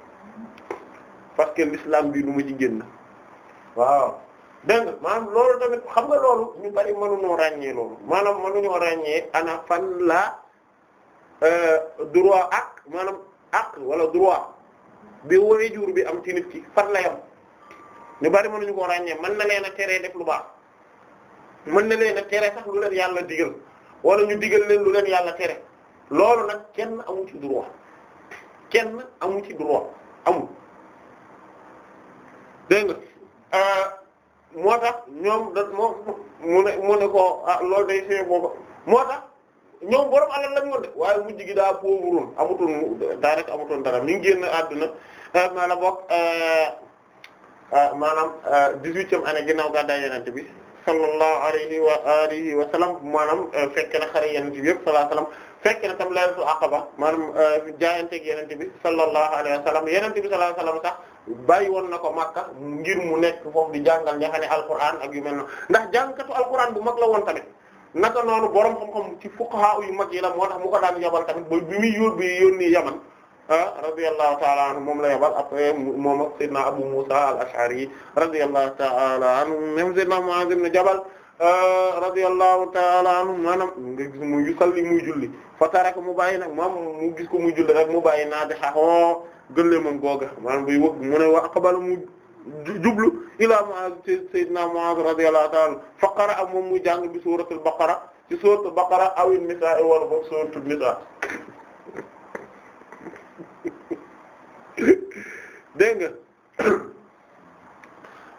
parce que l'islam bi lu ma ci génn waaw dégg nga maanaam loolu tamit xam nga loolu ñu bari mënuñoo ràññee loolu maanaam mënuñoo ràññee ana fan la euh, droit ak maanaam ak wala droit bi waajur bi am ci nit ki fan la yam ñu bari mënuñu ko ràññee mën na leen a teree def lu baax mën na leen a tere sax lu leen yàlla digal wala ñu digal leen lu leen yàlla tere loolu nag kenn amu ci droit kenn amu ci droit amul dégg euh, moo tax ñoom da moom mu ko ah loolu day see boobu moo tax ñoom borom alal lañ woon de waaye mujj gi daa pauvreoon amutoon daa rek amutoon dara mi ngi génn àdduna euh, maanaam bokk euh, euh, maanaam dix-huitième année ginnaaw gàddaay yonent bi sallallahu alayhi wa alihi wa sallam maanaam fekk na xare yonent bi yëpp sallallahu alayhi wa sallam fekk na tam laylatul aqaba maanaam jaayanteeg yonent bi wa sallam yonent bi sallallahu alayhi wa sallam sax bàyyi woon na ko Makka ngir mu nekk foofu di jàngal ña xam ak yu mel noonu ndax jàngkatu alquran bu mag la woon tamit naka noonu borom xam-xam ci fuqaha yu mag yi la moo tax mu ko daan yabal tamit ba bi muy yóbbu yónnee yaman ah radiyallahu ta'ala anhu moom la yabal après moom ak Seydina Abu Musa al-Ash'ari radiyallahu ta'ala anhu même Seydina ah, maanaam nga gis muy yusalli muy mu bàyyi nag moom mu gis rek mu bàyyi naa di gëléemam googa maanaam buy wëgg mu ne wa aqbala mu jublu ilaa Mu'aaz sayyidina Mu'aaz radiyallahu ta'ala fa qara'a moom muy jàng bi suuratul baqara ci suuratul baqara awin nisaa wala boog suuratul nisaa dégg nga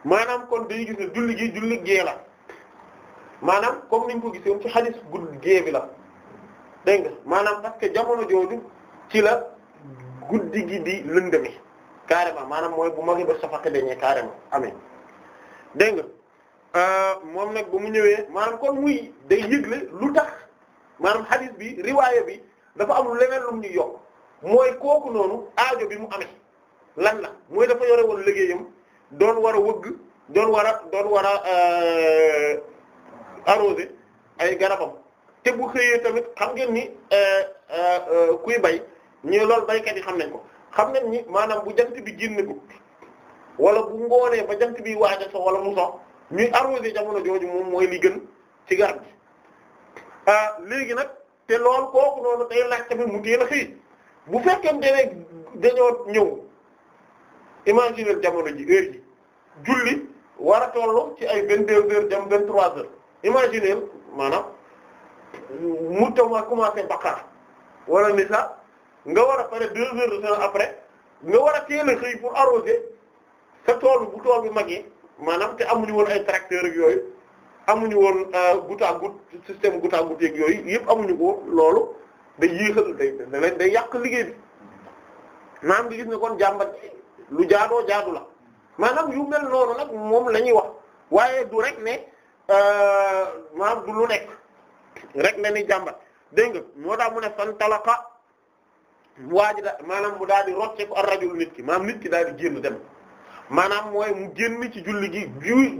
maanaam kon dañuy gis ne julli gi julli gee la maanaam comme niñ ko gisee ci xadis gudd gee la dégg nga maanaam parce que jamono jooju ci la guddi gi di lëndëmi carrément maanaam mooy bu magi ba safaqi dañee carrément amee dégg euh, moom nag ba mu ñëwee maanaam kon muy day yëgle lu tax maanaam hadith bi riwaaya bi dafa am leneen lu mu ñu yokk mooy kooku noonu aajo bi mu amee lan la mooy dafa yore woon liggéeyam doon war a wëgg doon war a doon war a euh, arroser ay garabam te bu xëyee tamit xam ngeen ni euh, kuy bay ñu loolu baykat yi xam nañ ko xam nañ ni maanaam bu jant bi génn ko wala bu ngoonee ba jant bi waaja so wala mu so ñuy arrosé jamono jooju moom mooy li gën ci garab gi ah, léegi nag te loolu kooku noonu day laaj tamit mu teel a xëy bu fekkente ne dañoo ñëw imaginer jamono ji heure ji julli war a toll ci ay vingt deux heures jam vingt trois heures imaginer maanaam mu taw ma commencé Bakar wala Nisa. nga war a pare deux heures de temps après nga war a teel a xëy pour arroser sa tool bu tool bi màggee maanaam te amuñu woon ay tracteurs ak yooyu amuñu woon euh, goutte à goutte système goutte à yooyu yëpp amuñu ko loolu day yéexal day day yàq liggéey bi maanaam di gis ne kon jàmbat lu jaadoo jaadu la maanaam yu mel noonu nag moom la ñuy wax waaye du rek ne euh, maanaam du lu nekk rek ne ni jàmbat dégg nga moo tax ne fan talaka waa ji da maanaam mu daal di rocce ko ar-rajul nit ki maanaam nit ki daal di génn dem maanaam mooy mu génn ci julli gi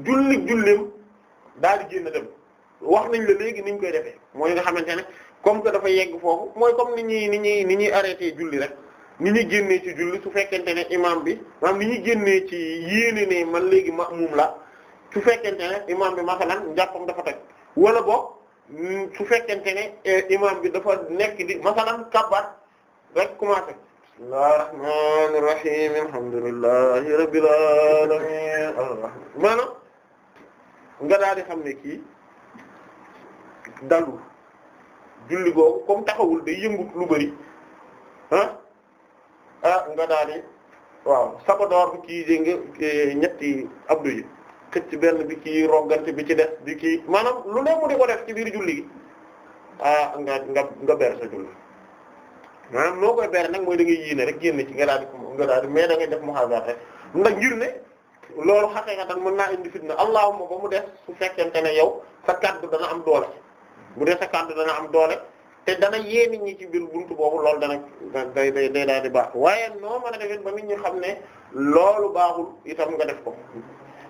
julli julleem daal di génn dem wax nañ la léegi niñ koy defee mooy nga xamante ne comme que dafa yegg foofu mooy comme ni ñuy ni ñuy ni ñuy arrêté julli rek ni ñuy génne ci julli su fekkente ne imam bi maam ni ñuy génne ci yéene ne man léegi ma muum la su fekkente ne imam bi masalan njàppam dafa toj wala boog mm, su fekkente ne eh, imam bi dafa nekk di masalan kabar rek commencé bismillahir rahmanir rahim alhamdulillahi rabbil alamin maanaam nga daal xam ne kii dalul julli googu comme taxawul da yëngu lu bari ah ah nga daal di waaw sabadoor bi kii dégg ñetti abdu yi këcc benn bi kii roggante bi ci def di kii maanaam lu ne mu di ko ci biir julli gi ah nga nga nga sa julli maanaam noo koy beere nag mooy da ngay yéene rek génn ci nga daal di nga daal di mais da ngay def muhaazaat rek ndax ngir ne loolu mën naa indi fitna allahumma ba mu def su fekkente ne yow sa kaddu dana am doole bu dee sa kaddu dana am doole te dana yee nit ñi ci biir bunt boobu loolu dana day day day daal di baax waaye noo mën a defee ba nit ñu xam ne loolu baaxul itam nga def ko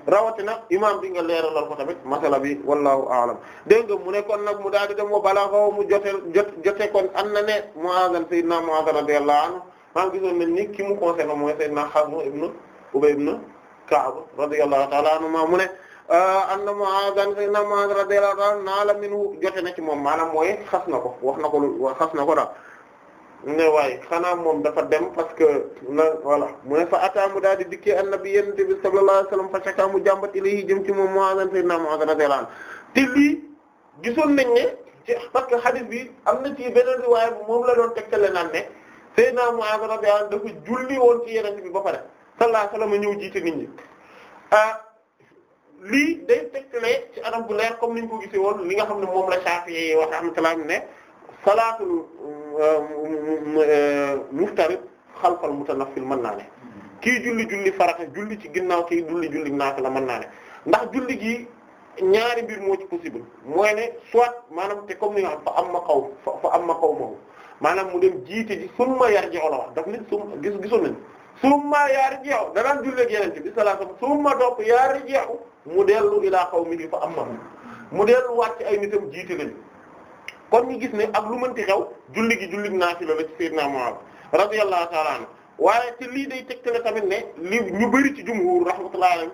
rawatina imaam bi nga leeralal ko tamit masala bi wallahu a'lam dégg nga mu ne nag mu daal di dem wa balagha mu jote jot jote kon am na ne Mu'adh sayyidina Mu'adh radiyallahu anhu maa gisoon nañ ni ki mu concerne mooy sayyidina Hazm ibn Ubay ibn Ka'b radiyallahu ta'ala anhu maa mu ne am ah, na Mu'adh sayyidina Mu'adh radiyallahu anhu naala minhu jote na ci moom maanaam mooy xas na ko wax na ko lu xas na ko daal ne waaye xanaa moom dafa dem parce que na voilà mu ne fa ataamu daal di dikkee annabi yonent bi mu jàmbat ilayhi jëm ci moom Mu'adh sayyidina Mu'adh radiyallahu anhu te lii gisoon nañ parce que hadith bi am na ci beneen riwaaya moom la doon tegtale naan ne sayyidina Mu'adh radiyallahu anhu dafa julli woon ci yonent ba pare sallallahu alayhi wasallam ñëw jiite nit ñi ah lii day tegtale ci anam bu leer comme niñ ko gisee woon li nga xam ne moom la Shafi'i wax rahmatullah ne salaatul muftarid euh, xalfal mutanafil mën naa ne kii julli julli farata julli ci ginnaaw kii julli julli naafila mën naa ne ndax julli gi ñaari mbir moo ci possible mooy ne soit maanaam te comme ni nga xam fa am ma xaw fa am ma xaw moomu maanaam mu dem jiite ji summa yarji'u la wax daf ni sum gis gisoon nañ summa yarji'u da daan julleeg yeneen ci bi salaatam summa topp mu dellu ilaa qawmihi fa am ma mu dellu wàcc ay nitam jiite lañu kon ñu gis ne ak lu mënti xew julli gi julli naafila la ci sayyidina Muaaz radiyallahu ta'ala anhu waaye ci lii day tegtale tamit ne li ñu bëri ci jumhur rahmatullahi alayhi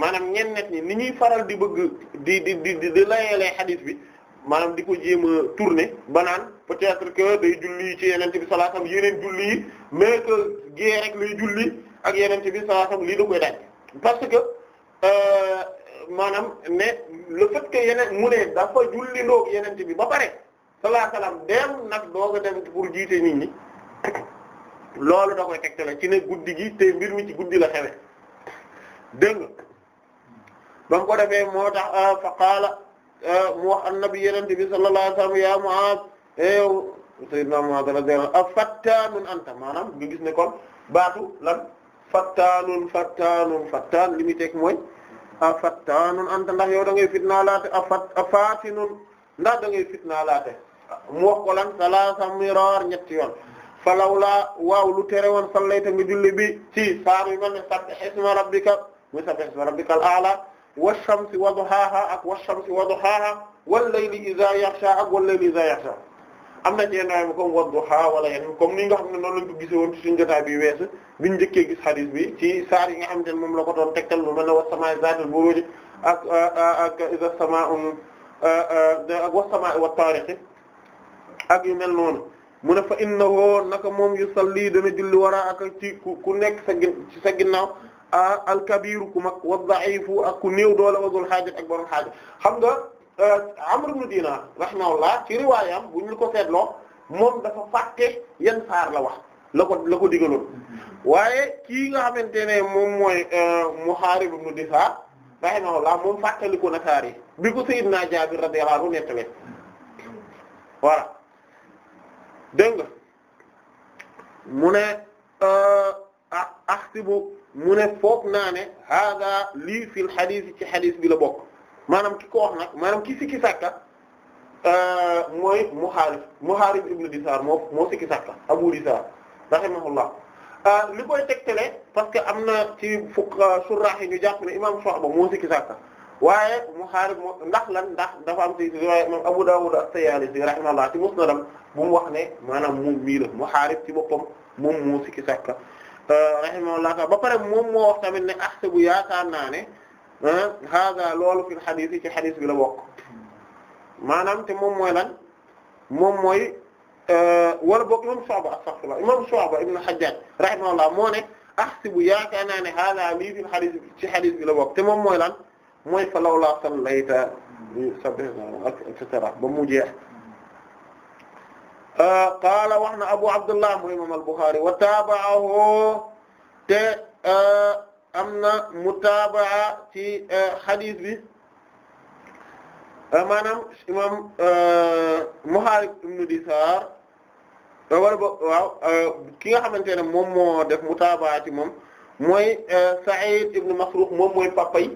maanaam ñenn nit ñi ni ñuy faral di bëgg di di di di layeelee xadis bi maanaam di ko jéem a tourner ba naan peut-être que day julli ci yenente bi sallallahu alayhi wasallam yeneen julli yi mais que gée rek lay julli ak yenente bi sallallahu alayhi lii da koy daaj parce que euh, maanaam ne le fait que yeneen mu ne dafa bi ba pare sallallahu dem nag doog a dem jiite nit ñi koy tegtale ci ne guddi gi te mbir mi ci guddi la xewe dégg nga ko defee moo tax euh, fa qaala euh, mu wax annabi yenente bi sallallahu alayhi wasallam ya Mu'aaz ew eh, sayyidna Mu'aaz radiyallahu anhu fattaanun anta maanaam nga gis ne kon baatu lan fattaanun fattaanun fattaan li muy teg mooy a fattaanun anta ndax yow da ngay fitnaalaate a fat a faatinun ndax da ngay mu wax ko lan salaasa miraar ñetti yoon falawlaa waaw lu tere woon sallayta nga julli bi ci saar yu mel ne sabbih isma rabbika muy sabbih isma rabbikal a'la wash-shamsi wa duhaaha ak wash-shamsi wa duhaaha wal-layli idhaa yaghshaa ak wal-layli idhaa yaghshaa am na ci yenn ayib comme wa duhaa wala yenn comme ni nga xam ne noonu lañ ko gisee woon ci suñu jotaay bi weesu biñ njëkkee gis hadith bi ci saar yi nga xamante ne moom la ko doon tegtal lu mel ne was-samaa'i zaatil buruuj ak ak idhaa as-samaa'u ak was-samaa'i wat-taariqi ak yu mel noonu mu ne fa innahu naka moom yusalli dana julli waraa ku nekk sa gin ci sa ginnaaw a ku mag wa da'ifu ak ku néew doole wa dul ak borom haajat xam nga euh, Amr ibn Dinar rahimahullah ci riwaayam bu ñu ko seetloo moom dafa fàtte yan saar la wax la ko la ko digaloon waaye kii nga xamante ne moom mooy euh, Muharib ibn Disaar rahimahullah moom fàttaliku na saar yi bi ko Sayyidina Jaabir radiyallahu nettalee voilà dégg nga mu ne ah, ah, ahsibu mu ne foog naa ne hada lii fil xadis ci xadis bi la bokk maanaam ki ko wax nag maanaam ki sikki sàkka euh, mooy Muharib Muharib ibn Disaar moo moo sikki sàkka Abu Disaar rahimahullah euh, li koy tegtale parce que am na ci fukk surah yi ñu jàpp ne imam Shu'ba moo sikki sàkka waaye Muhaarib moo ndax lan ndax dafa am ci riwaaya imam Abu Dawud as-Sayaalisi rahimahullah ci musnadam mu wax ne maanaam moom mii la Muhaarib ci boppam moom moo sikki sàkka euh, rahimahullah ba pare moom moo wax tamit ne ahsabu yaakaar naa ne haaza loolu fil xadis yi ci xadis bi la bokk maanaam te moom mooy lan moom mooy euh, wala boog imam Shu'ba astaghfirullah imam Shu'ba ibn Hajjaj rahimahullah moo ne ahsabu yaakaar naa ne haaza lii fil xadis ci xadis bi la bokk te moom mooy lan mooy fa lawlaa sallayta bi sabbihna ak et cetera ba mu jeex euh, qaala wax na Abu Abdullah mooy imam al-Bukhari wa taaba'ahu te euh, am na mutaabaa ci hadith euh, bi maanaam imam Muharib ibn Disaar wala ba waaw ki nga xamante ne moom moo def mutaabaa ci moom mooy Sa'id ibn Masruq moom mooy papay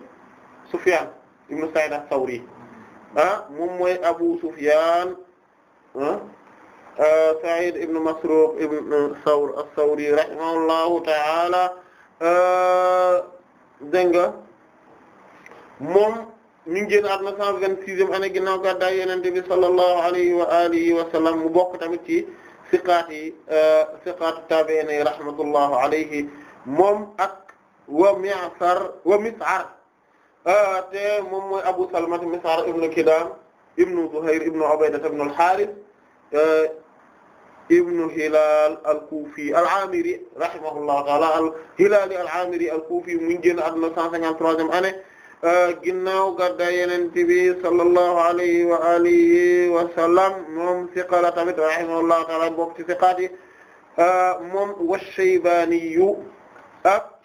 Sufyan ibn Sa'id as-Sawri ah moom mooy Abu Sufyan ah, ah Sa'id ibn Masruq ibn Thawr as-Sawri rahimahullahu ta'ala ah, dégg nga moom mi ngi génn àdduna 126e année ginnaaw gàddaay Yonent bi sallallahu alayhi wa alihi wa sallam mu bokk tamit ci siqaat yi ah, siqaat tabi'in yi rahmatullahi alayhi moom ak wa Mi'sar wa Mis'ar Ah, te moom mooy Abu Salama Mis'ar ibn Kidaam ibn Zuhayr ibn Ubayda ibn al-Harith eh, ibn Hilal al-Kufi al-Amiri rahimahullahu ta'ala al-Hilali al-Amiri al-Kufi mu ngi génn àdduna 153e année eh, ginnaaw gàddaay Yonent bi sallallahu alayhi wa alihi wa sallam moom siqa la tamit rahimahullahu ta'ala bokk ci siqaat yi eh, moom wa-Shaybaniyu ak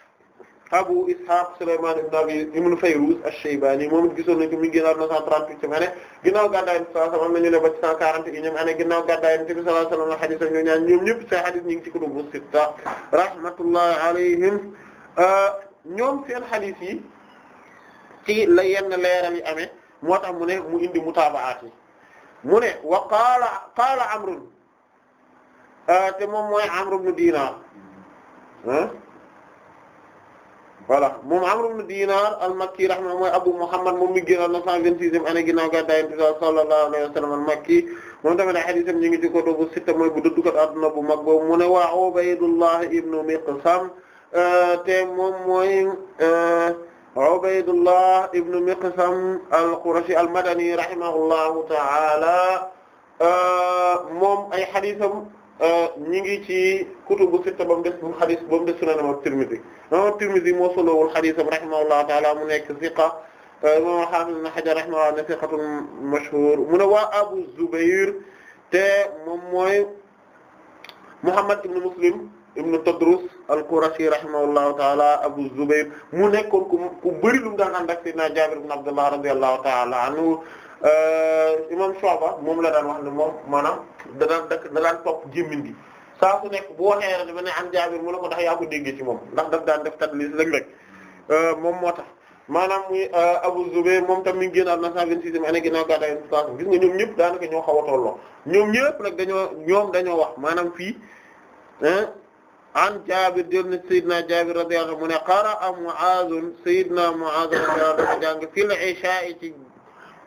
Abu Ishaq Sulaymaan ibn Abi ibn Fayruz ash-Shaybani moom it gisoon nañ ko mi ngi génnaat na 138 année ginnaaw gàddaay Yonent bi sallallahu alayhi wasallam am nañu ne ba ci 141 année ginnaaw gàddaay Yonent bi sallallahu alayhi wasallam ñoom ñëpp seen hadith ñu ngi ci kutubu sitta rahmatullahi alayhim euh, ñoom seen hadith ci la yenn leeral yi moo tax mu mu indi mutaabaat mu ne wa qaala qaala Amr euh, te moom mooy Amr ibn Dinar voilà moom Amr ibn Dinar al-Makki rahma mooy Abu Muhammad moom mi génnoon 926e année ginnaaw gàddaay Yonent bi sallallahu alayhi wa sallam al-Makki moom tamit ay hadiisam ñu ngi ci kutubu sitta mooy bu dëddukat adduna bu mag boobu mu ne waa Ubaydullah ibn Miqsam euh, te moom mooy euh, Ubaydullah ibn Miqsam al-Qurashi al-Madani rahimahullahu ta'ala euh, moom ay hadiisam Euh, ñi ngi ci kutubu sitta ba mu des bu xadis ba mu des sunan imam Tirmidhi imam Tirmidhi moo solowul xadisam rahimahullahu ta'ala mu nekk siqa euh, imam Hafiz ibn Hajar rahimahullah ne siqatun mashhur mu ne waa Abu Zubayr te moom mooy Muhammad ibn Muslim ibn Tadrus al-Qurashi rahimahullahu ta'ala Abu Zubayr mu nekkoon ku ku bëri lu mu daan ànd ak Sayyidina Jaabir ibn Abdullah radiyallahu ta'ala anhu Euh, imam Shu'ba moom la daan wax ne moom maanaam da daan da daan topp gémmiñ gi saa su nekk bu waxee rek dama an Jaabir mu ne ko ndax ci moom ndax daf daan def tadlis rek rek euh, moom moo tax maanaam muy euh, Abu Zubayr moom tam mi ngi génnaat na cent vingt-sixième année ginnaaw gàddaay Yonent bi gis nga ñoom ñëpp daanaka ñoo xaw a tolloo ñoom ñëpp nag dañoo ñoom dañoo wax maanaam fii an Jaabir jël na Seydina Jaabir radiyallahu anhu mu ne qara'a Mu'aaz Seydina Mu'aaz radiyallahu anhu jàng fil ishaa ci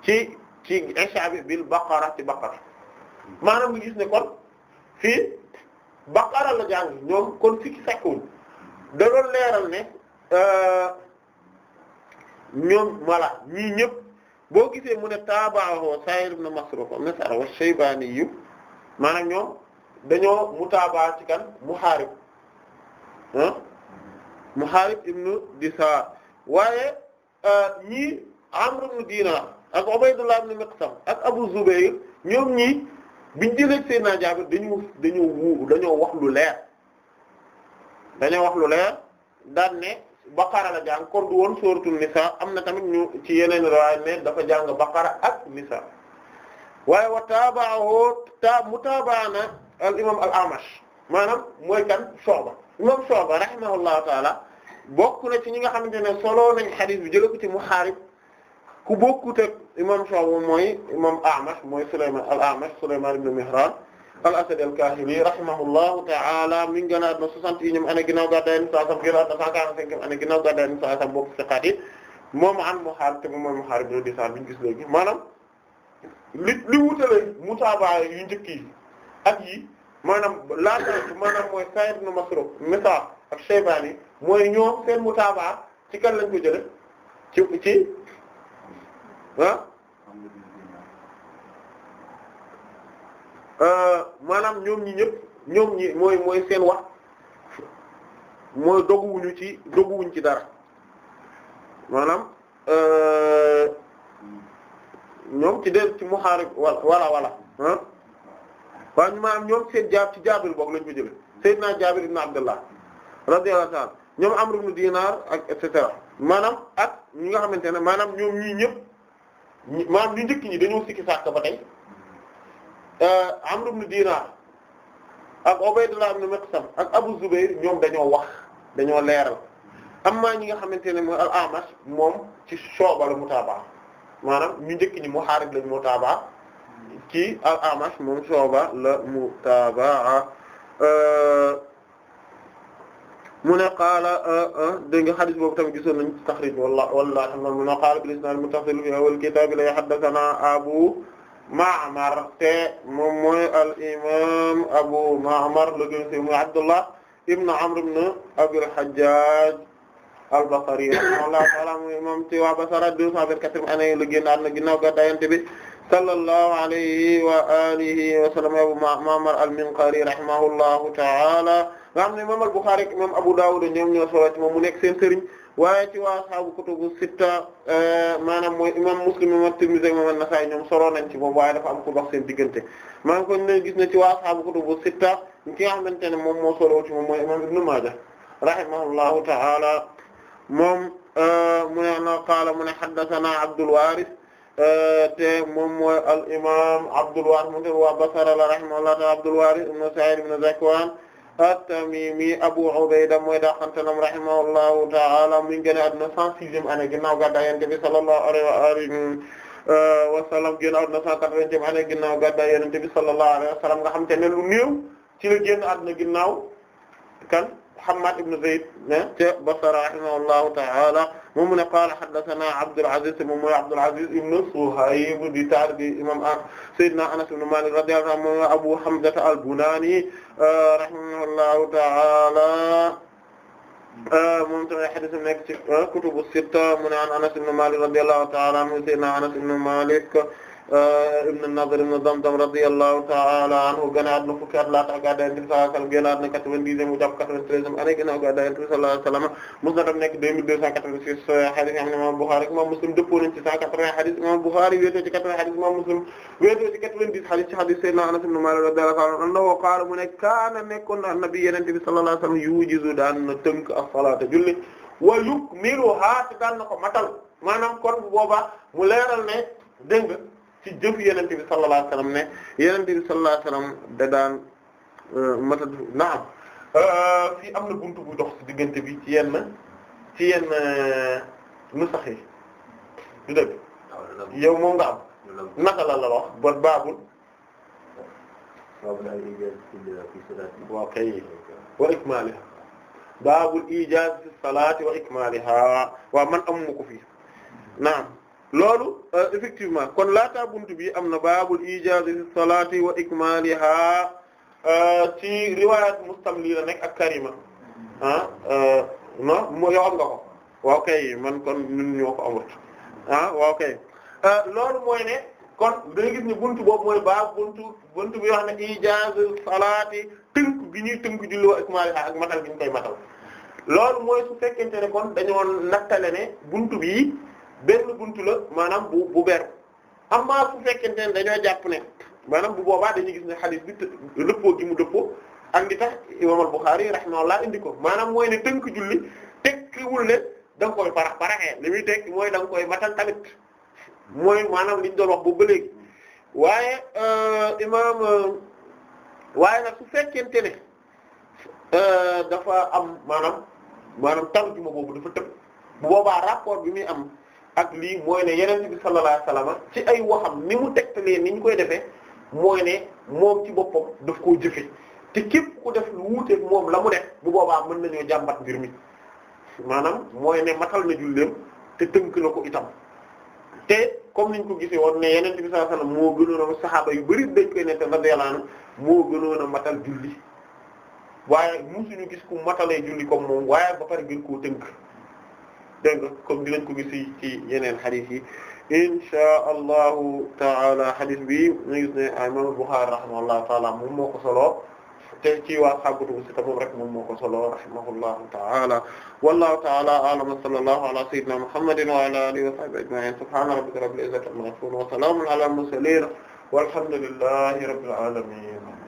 ci ci isha bi bil baqara ci baqara maanaam nga gis ne kon fii baqara la jàng ñoom kon fii ci sakkuwul da leeral ne euh, ñoom voilà ñii ñëpp boo gisee mu ne taabaahu Sa'id ibn Masruq Misr wa Shaybani yu maanaam ñoom dañoo mutaabaa ci kan Muharib ah Muharib ibn Disaar waaye euh, ñii Amr ibn Dinar ak Ubaydullah ibn ak Abu Zubayr ñoom ñii biñ jëlee Seydina Jaabir dañu dañoo wu dañoo wax lu leer dañoo wax lu leer daan ne Baqara la jàng kon du woon sóoratul Nisaa am na tamit ñu ci yeneen riwaaya ne dafa jàng Baqara ak Nisaa waaye wa taaba'ahu ta mutaabaana al imaam al Amash maanaam mooy kan Shu'ba imaam Shu'ba rahimahullahu taala bokk na ci ñi nga xamante ne solo nañ xadiis bi jëlee ko ci Muhaarib ku bokkut ak imam Shu'ba mooy imam A'mash mooy Sulaymaan al-A'mash Sulaymaan ibn Mihraan al-Asadi al-Kaahili rahimahullahu ta'ala mi ngi gën a adduna 61 année ginnaaw gàddaay Yonent bi sallallahu alayhi wa sallam 145 année ginnaaw gàddaay Yonent bi sallallahu alayhi wa sallam yi moom an Muhaarib te moom mooy Muhaarib ibn Disaam bi ñu gis léegi maanaam li li wutale mutaabaa yu njëkk yi ak yi maanaam laata maanaam mooy Sa'iid ibn Masruuq Misaaf ak Shaybaani mooy ñoom seen mutaabaa ci kan lañ ko jële ah maanaam ñoom ñi ñëpp ñoom ñi mooy mooy seen wax mooy doguwuñu ci doguwuñ ci dara maanaam euh, ñoom ci der ci muharib wala wala ah waaw maanaam ñoom seen jaab ci Jaabir boog lañ ko jëlee Seydina Jaabir ibn Abdullah radiyallahu ta'ala ñoom am ibn Dinar ak et cetera maanaam ak ñi nga xamante ne maanaam ñoom ñii ñëpp. maanaam ñu njëkk ñi dañoo sikki sàkk ba tey euh, Amr ibn Dinar ak Ubaydullah ibn Miqsam ak Abu Zubayr ñoom dañoo wax dañoo leeral amma ñi nga xamante ne mooy al-Amash moom ci Shu'ba la mutaaba maanaam ñu njëkk ñi Muharib lañ mutaaba ci al-Amash moom Shu'ba la mutaaba euh, mu ne qaala ah, ah, dégg nga hadith boobu tamit gisoon nañu taxrij walla walla xam mu ne qaala bil isnaad muttasil fi awwal kitaab la haddathana Abu Ma'mar te moom mooy al imaam Abu Ma'mar la gën ci mu Abdullah ibn Amr ibn Abil Hajjaj al-Basri rahimahullahu ta'ala moom ci waa Basra 224 année la génn àdduna ginnaaw gàddaay Yonent bi sallallahu alayhi wa alihi wa sallam Abu Ma'mar al-Minqari rahimahullahu ta'ala nga xam ne imam al-Bukhari ak imam Abu Dawud ñoom ñoo solo ci moom mu nekk seen sëriñ waaye ci waa ashaabu kutubu sitta eh, maanaam mooy imam Muslim imam Tirmidhi imam an-Nasa'i ñoom solo nañ ci moom waaye dafa am ku dox seen diggante maanaam kon ne gis na ci waa ashaabu kutubu sitta ki nga xamante ne moom moo solo ci moom mooy imam Ibn Maaja rahimahullahu ta'ala moom eh, mu ne na qaala mu ne haddathana Abdul Waaris eh, te moom mooy al imam Abdul Waaris moom tamit waa Basra la rahimahullahu ta'ala Abdul Waaris ibn Sa'id ibn Zakwan at-Tamimi Abu Ubayda mooy daaxantanam rahimahullahu ta'ala mi ngi génn àdduna 106e année ginnaaw gàddaay Yonent bi sallallahu alayhi wa alihi wa sallam génn àdduna 180e année ginnaaw gàddaay Yonent bi sallallahu alayhi wa sallam nga xam te ne lu néew ci la génn àdduna ginnaaw kan Hammad ibn Zayd ne ca Basra rahimahullahu ta'ala moom mu ne qaala haddathana Abdul Aziz te moom mooy Abdul Aziz ibn Suhayb di taalibi imam Seydina Anas ibn Malik radiyallahu anhu moom Abu Hamza al-Bunani rahimahullahu ta'ala moom tamit hadith am nekk ci kutubu sitta mu ne an Anas ibn Malik radiyallahu ta'ala anhu Seydina Anas ibn Malik ibn Nadr ibn Damdam radiyallahu ta'ala anhu gannaaw na fukki at laata gàddaay Yonent bi sallallahu alayhi wasallam génnaat na quatre-vingt-dixième mu jàpp quatre-vingt-treizième année ginnaaw gàddaay Yonent bi sallallahu alayhi wasallam musnad am nekk deux mille deux cent quatre-vingt-six euh, hadith am imam Bukhari imam Muslim dëppoo nañ ci cent quatre-vingts hadith imam Bukhari wéetoo ci quatre-vingts hadith imam Muslim wéetoo ci quatre-vingt-dix hadith ci hadith Sayyidina Anas ibn Malik radiyallahu ta'ala anhu qaala mu ne kaana nekkoon na Nabi Yonent bi sallallahu alayhi wasallam yujizu daan na tënk as-salaata julli wa yukmiluha daan na ko matal maanaam kon boobaa mu leeral ne dégg ci jëf yenente bi sallallahu alayhi wasallam ne yenente bi sallallahu alayhi wasallam da daan euh, mata naam euh, fii am na buntu bu dox ci diggante bi ci yenn ci yenn euh, nu sax yi du dëgg yow moom nga am naka la la wax ba baabul waaw kay wa ikmaaliha baabul ijaaz fi salaati wa ikmaaliha waaw man amu ma ko fii naam loolu euh, effectivement kon laata buntu bi am na baabul ijaaz fi salaati wa ikmaalihaa euh, ci riwaayat mustamli la nekk ak karima ah euh, non mo am nga ko waaw kay man kon ñun ñoo ko amut ah waaw kay loolu mooy ne kon dañu gis buntu boobu mooy baab buntu buntu bi wax ne ijaaz salaati tënk gi ñuy tënk julli wa ikmaalihaa ak matal gi ñu koy matal loolu mooy su fekkente ne kon dañoo nattale ne buntu bi benn buntu la maanaam bu bu beru amma su fekkente ne dañoo jàpp ne maanaam bu boobaa dañuy gis ne xadis bi dëppoo gi mu dëppoo ak li tax imam al-Bukhari rahimahullah indi ko maanaam mooy ne tënk julli tekkiwul ne da nga koy parax paraxee li muy mooy da koy matal tamit mooy maanaam liñ doon wax bu ba léegi waaye euh, imam euh, waaye nag su fekkente ne euh, dafa am maanaam maanaam tarjuma boobu dafa tëb bu boobaa rapport bi muy am ak lii mooy ne yeneen bi sallallahu alayhi wasallam ci ay waxam ni mu tegtalee ni ñu koy defee mooy ne moom ci boppam daf koo jëfe te képp ku def lu wuuteeg moom la mu def bu boobaa mën nañoo jàmbat mbir mi maanaam mooy ne matal na julleem te tënk na ko itam te comme niñ ko gisee woon ne yeneen bi sallallahu alayhi wasallam moo gënoon a saxaaba yu bari dañ koy nekk radiyallahu anhu moo gënoon a matal julli waaye musuñu gis ku matalee julli comme moom waaye ba pare gën koo tënk dégg nga comme dinañ ko gis ci yeneen xadis yi insha allahu taala xadis bi ñu gis ne imam Bukhari rahimahullahu taala moom moo ko solo te ci waa xabutubu si ta moom rek moom moo ko solo rahimahullahu taala wallahu taala a'lam wa sallallahu ala sayyidina muhammadin wa ala alihi wa sahbihi ajma'in subhana rabbika rabbil izzati amma yasifun wa salamun ala al mursalin walhamdulillahi rabbil alamin